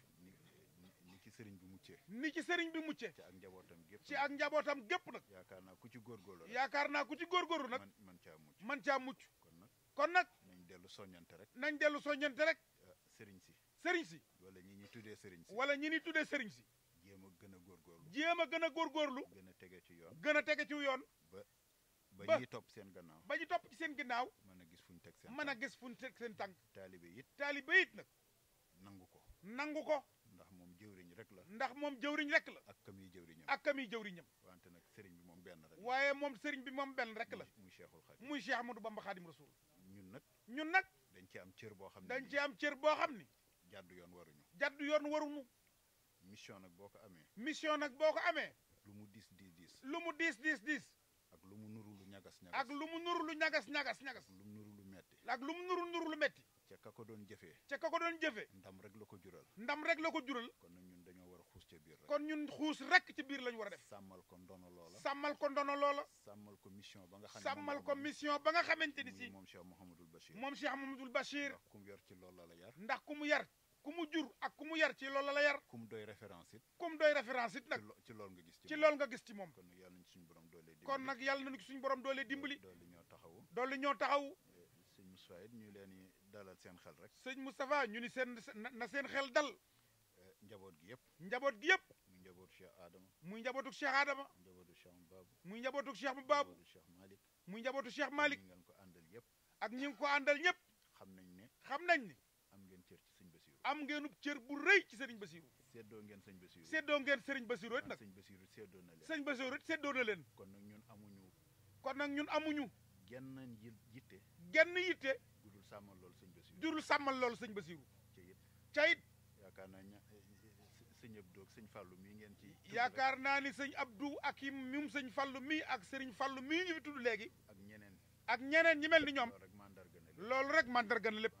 ni ci sëriñ bi muccee ni ci sëriñ bi muccee ci ak njabootam gépp ci ak njabootam gépp nag yaakaar naa k ci góorgóorlu yaakaar naa ku ci góorgóorlu nag man caa mucc man caa mucc kon nag dellu soññante rek nañ dellu soññante rek eh, sëriñ ci sëriñ ci wala ñi ñi tuddé sëriñ ci wala ñi ñi tuddé sëriñ ci jéem gëna gor a góorgóorlu jéem a gën a góorgóorlu tege ci yoon gëna a tege ci yoon ba ba ñi top seen gannaaw ba ñi top ci seen gannaaw mëna gis fuñu tek seen mëna gis fuñu tek seen tank talibé yi talibé yi nak nangu ko nangu ko ndax mom jëwriñ rek la ndax mom jëwriñ rek la ak kam yi jëwriñam ak kam yi jëwriñam wante nak sëriñ bi mom ben rek waye mom sëriñ bi mom ben rek la muy cheikhul khadim muy cheikh amadou bamba khadim rasoul ñun nag. dañ cee am cër boo xam ne dañ cee am cër boo xam ni. jàddu yoon waruñu. jàddu yoon waruñu. mission nag boo ko amee. mission nag boo ko amee. lu mu diis diis diis. lu mu diis diis diis. ak lu mu nuru lu ñagas ñagas. ak lu mu nuru lu ñagas ñagas ñagas. lu mu nuru lu metti. ak lu mu nuru nuru lu metti. ca ka ko doon jëfee. ca ka ko doon jëfee. ndam rek la ko jural. ndam rek la ko jural. kon nag ñun kon ñun xuus rek ci biir la ñu war a def. sàmmal ko ndono loola. sàmmal ko ndono loola. sàmmal ko mission ba nga. xam ne sàmmal ko mission ba nga xamante ni si. moom Cheikh Mouhamadul Bachir. moom Cheikh Mouhamadul Bachir. ndax ku mu yar ci loola la yar. ndax ku mu yar. ku mu jur ak ku mu yar ci loolu la yar. ku mu doy référence it. ku mu doy référence it nag. ci lool nga gis ci moom nga gis ci moom. kon nag yàlla nañu suñu borom doole dimbali. kon nag yàlla nañu suñu borom doole dimbali. doole ñoo taxawu. doole ñoo taxawu. Eh, sëñ Moustapha it ñu leen dalal seen xel rek. sëñ Moustapha ñu ni seen na seen xel dal. njaboot gi yëpp njaboot gi yëpp muy njabootu cheikh adam, muy njabootu cheikh adama muy njabootu cheikh mu muy njabootu cheikh mu cheikh malik muy njabootu cheikh malik ñi ngeen ko àndal yëpp ak ñi ngi ko àndal ñëpp xam nañ ne xam nañ ne am ngeen cër ci sëñ basiru am ngeenub cër bu rëy ci sëriñ basiru seddoo ngeen sëñ basiru seddoo ngeen sëriñ basiru it nag sëñ basiru na leen sëñ basiru it na leen kon nag ñun amuñu kon nag ñun amuñu genn yitte genn yitte gudul sàmmal loolu sëñ basiru jurul sàmmal loolu sëñ basiru ca it yaakaar nañ sëñ Abdou sëñ Fallou mii ngeen ci yaakaar naa ni sëñ Abdou ak yi mum sëñ fallu mii ak sëriñ fallu mii ñu fi tudd léegi ak ñeneen ak ñeneen ñi mel ni ñoom loolu rek mandarga na lépp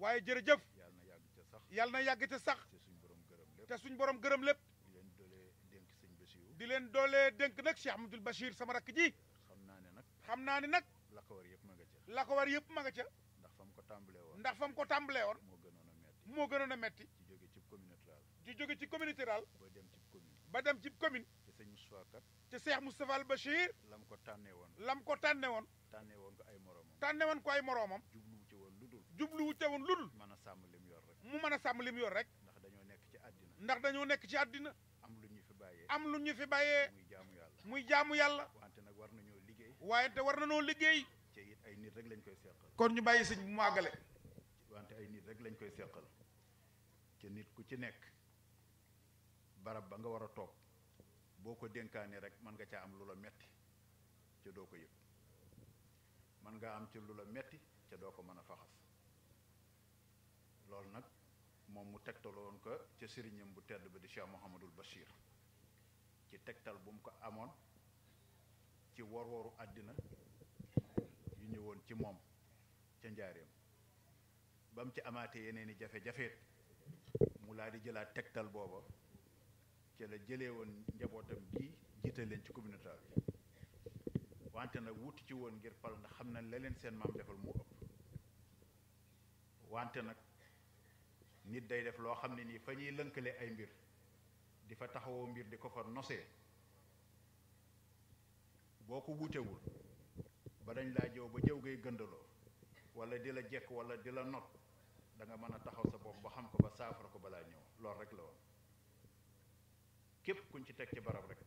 waaye jërëjëf yàlla na yàgg ca sax te suñ borom gërëm lépp di leen doolee dénk nag si Ahmadoul Bachir sama rakk ji xam naa ne nag xam naa ne nag la ko war yëpp ma nga ca la ko war yëpp ma nga ca ndax fa mu ko tàmbalee woon ndax fa ko tàmbalee woon moo gënoon a moo gënoon a metti di jóge ci communauté rurale ba dem ci commune ba dem ci commune ci sëñ Moustapha kat te Cheikh Moustapha Al Bachir lam ko tànne woon lam ko tànne woon tànne woon ko ay moroomam tànne woon ko ay moroomam jubluwu ci won lu dul jubluwu ci woon lu dul mën a yor rek mu mën sam lim yor rek ndax dañoo nek ci àddina ndax dañoo nek ci àddina am luñu fi bayé am luñu fi bayé muy jaamu yalla muy jaamu yalla wante nag war nañoo liggéey waaye te war nañoo liggéey te it ay nit rek lañ koy seqal kon ñu bayyi sëñ mu magalé wante ay nit rek lañ koy seqal ci nit ku ci nek barab ba nga war a toog boo ko dénkaane rek mën nga caa am lu la metti ca doo ko yëg mën nga am ci lu la metti ca doo ko mën a faxas loolu nag moom mu tegtaloon ko ca sëriñam bu tedd ba di Cheikh Mouhamadul Bachir ci tegtal bu mu ko amoon ci war-waru àddina yu ñëwoon ci moom ca njaareem ba mu ci amaate yeneen i jafe-jafeet mu laa di jëlaat tegtal booba ci la jëlee woon njabootam gi jiite leen ci communautaire bi wante nag wuti ci woon ngir pal ndax xam na la seen maam defal moo ëpp wante nag nit day def loo xam ne nii fa ñuy lënkale ay mbir di fa taxawoo mbir di ko fa nosee boo ko wuutewul ba dañ laa jëw ba jëw gay gëndaloo wala di la jekk walla di la not da mën a taxaw sa bopp ba xam ko ba saafara ko balaa ñëw loolu rek la woon képp kuñ ci teg ci barab rek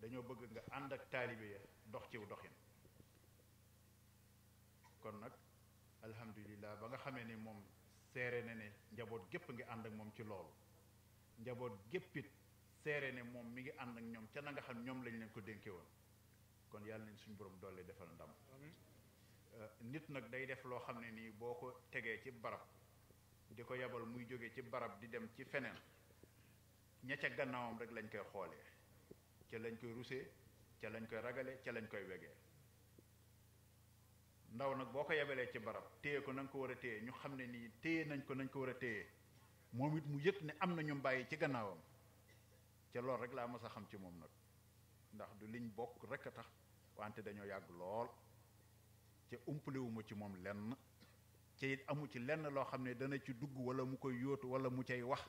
dañoo bëgg nga ànd ak taalibe ya dox doxin kon nag alhamdulillah ba nga xamee ni moom seere na ne njaboot gépp ngi ànd ak moom ci loolu njaboot géppit seere ne moom mi ngi ànd ak ñoom ca na nga xam ñoom lañ leen ko dénke woon kon yàlla nañ suñ borom doole defal ndam euh, nit nag day def loo xam ne nii boo ko tegee ci barab di ko yabal muy jóge ci barab di dem ci feneen ña ca gannaawam rek lañ koy xoolee ca lañ koy rusee ca lañ koy ragale ca lañ koy wegee ndaw nag boo ko yebalee ci barab téye ko nañ ko war a téye ñu xam ne nii téye nañ ko nañ ko war a téye moom it mu yëg ne am na ñu bàyyi ci gannaawam ca loolu rek laa mas a xam ci moom nag ndax du liñ bokk rek a tax wante dañoo yàgg lool ca umpalewuma ci moom lenn ca amu ci lenn loo xam ne dana ci dugg wala mu koy yóotu wala mu cay wax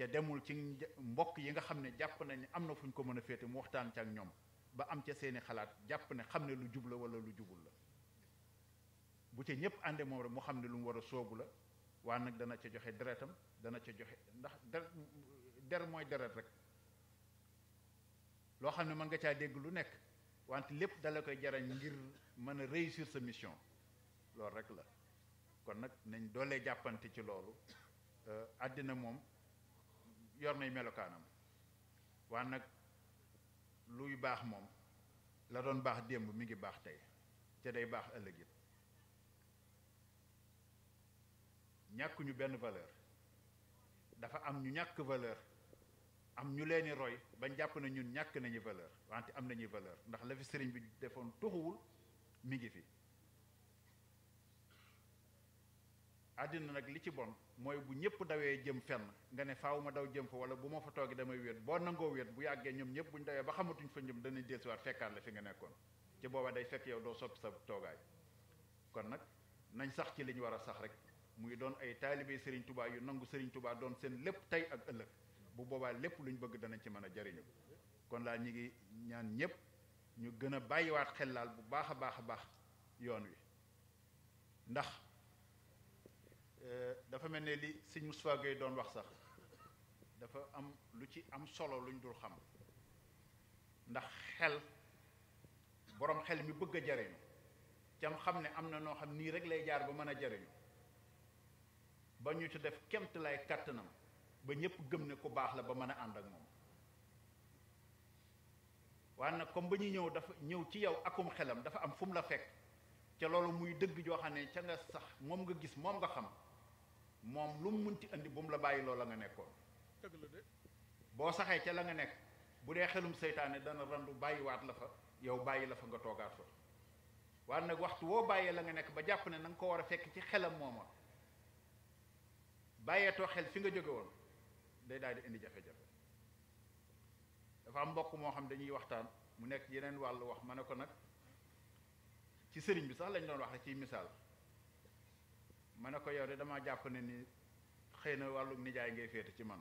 te demul ci mbokk yi nga xam ne jàpp nañ am na fu ñu ko mën a féete mu waxtaan ca ak ñoom ba am ca seeni xalaat jàpp ne xam ne lu jub la wala lu jubul la bu ca ñëpp ànde moom rek mu xam ne lu mu war a soobu la waaye nag dana ca joxe deretam dana ca joxe ndax der der mooy deret rek loo xam ne mën nga caa dégg lu nekk wante lépp dala koy jarañ ngir mën a réussir sa mission loolu rek la kon nag nañ doolee jàppante ci loolu euh, àddina moom yor nay melokaanam waaye nag luy baax moom la doon baax démb mi ngi baax tey te day baax ëllëg it ñàkkuñu benn valeur dafa am ñu ñàkk valeur am ñu leen roy bañ jàpp na ñun ñàkk nañu valeur wante am nañuy valeur ndax la fi sëriñ bi defoon tuxuwul mi ngi fi àddina nag li ci bon mooy bu ñëpp dawee jëm fenn nga ne faaw ma daw jëm fa wala bu ma fa toogee damay wéet boo nangoo wéet bu yàggee ñoom ñëpp bu ñu dawee ba xamatuñ fa ñoom danañ dellusiwaat fekkaat la fi nga nekkoon ci booba day fekk yow doo soppi sa toogaay kon nag nañ sax ci li ñu war a sax rek muy doon ay taalibe Serigne Touba yu nangu Serigne tubaa doon seen lépp tey ak ëllëg bu boobaa lépp lu ñu bëgg danañ ci mën a jariñu kon laa ñu ngi ñaan ñëpp ñu gën a bàyyiwaat xel laal bu baax a baax a baax yoon wi Euh, dafa mel ne li sëñ Moustapha Gueye doon wax sax dafa am lu ci am solo luñ dul xam ndax xel boroom xel mi bëgg a jariñu cam xam ne am na noo xam nii rek lay jaar ba mën a jariñu ba ñu ci def kemt lay kàttanam ba ñépp gëm ne ku baax la ba mën a ànd ak moom waaye nag comme ba ñu ñëw dafa ñëw ci yow akum xelam dafa am fu mu la fekk ca loolu muy dëgg joo xam ne ca nga sax moom nga gis moom nga xam moom lu mu ci indi bu mu la bàyyi loo la nga nekkoon dëgg la de boo saxee ca la nga nekk bu dee xelum seytaane dana randu bàyyiwaat la fa yow bàyyi la fa nga toogaat fa waaye nag waxtu woo bàyyee la nga nekk ba jàpp ne na nga ko war a fekk ci xelam mooma bàyyeetoo xel fi nga jóge woon day daal di indi jafe-jafe dafa am mbokk moo xam dañuy waxtaan mu nekk yeneen wàllu wax ma ne ko nag ci sëriñ bi sax lañ doon wax rek ciy misaal ma ne ko yow de damaa jàpp ne ni xëy na wàllum nijaay ngay féete ci man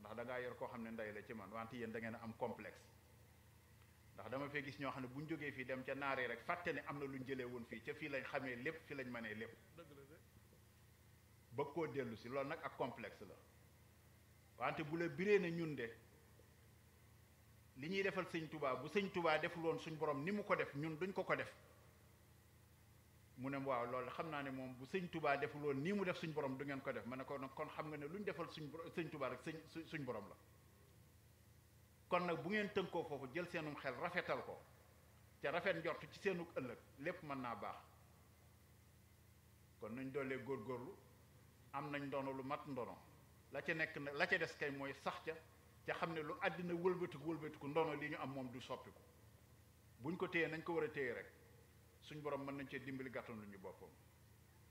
ndax da ngaa yor koo xam ne nday la ci man wante yéen da ngeen am complexe ndax dama fee gis ñoo xam ne bu ñu jógee fii dem ca naari rek fàtte ne am na lu ñu jëlee woon fii ca fii lañ xamee lépp fii lañ manee lépp bëgg koo dellu si loolu nag ak complexe la wante bu la biree na ñun de li ñuy defal sëñ tubaa bu sëñ tubaa defuloon suñ borom ni mu ko def ñun duñ ko ko def mu ne waaw loolu xam naa ne moom bu sëñ tubaa defuloon nii mu def suñ borom du ngeen ko def ma ne ko nag kon xam nga ne lu ñu defal suñ sëñ tubaa rek suñ suñ borom la kon nag bu ngeen tënkoo foofu jël seenum xel rafetal ko ca rafet njort ci seenug ëllëg lépp mën naa baax kon nañ doolee góorgóorlu am nañ ndono lu mat ndono la ca nekk na la ca des kay mooy sax ca ca xam ne lu àddina wëlbatiku wëlbatiku ndono li ñu am moom du soppiku buñ ko téyee nañ ko war a téye rek suñ borom mën nañ cee dimbali gàttan lu ñu boppam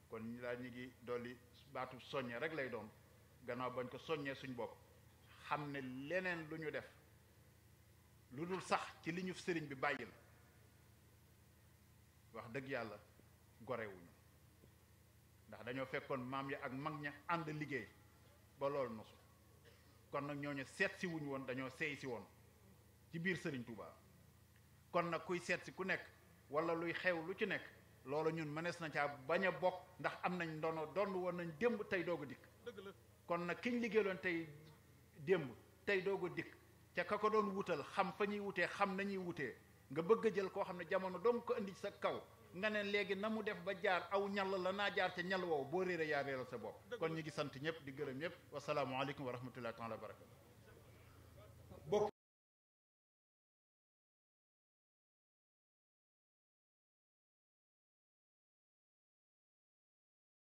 kon ñu laa ñu ngi dolli baatu soññe rek lay doon gannaaw bañ ko soññee suñ bopp xam ne leneen lu ñu def lu dul sax ci li ñu sëriñ bi bàyyil wax dëgg yàlla gorewuñu ndax dañoo fekkoon maam yi ak mag ña ànd liggéey ba loolu nosu kon nag ñooñu seet si woon dañoo seey woon ci biir sëriñ Touba kon nag kuy seet ku nekk wala luy xew lu ci nekk loolu ñun mënees na caa bañ a bokk ndax am nañ ndono donn woon nañ démb tey doog a dikk kon nag kiñ liggéeyloon tey démb tey doog a dikk ca ka ko doon wutal xam fa ñuy wutee xam nañuy wutee nga bëgg a jël koo xam ne jamono donc ko indi sa kaw nga ne léegi na mu def ba jaar aw ñall la naa jaar ca ñall woowu boo réeré yaa réeral sa bopp kon ñu ngi sant ñëpp di gërëm ñëpp wasalaamualeykum wa rahmatullahi taala wa barakatu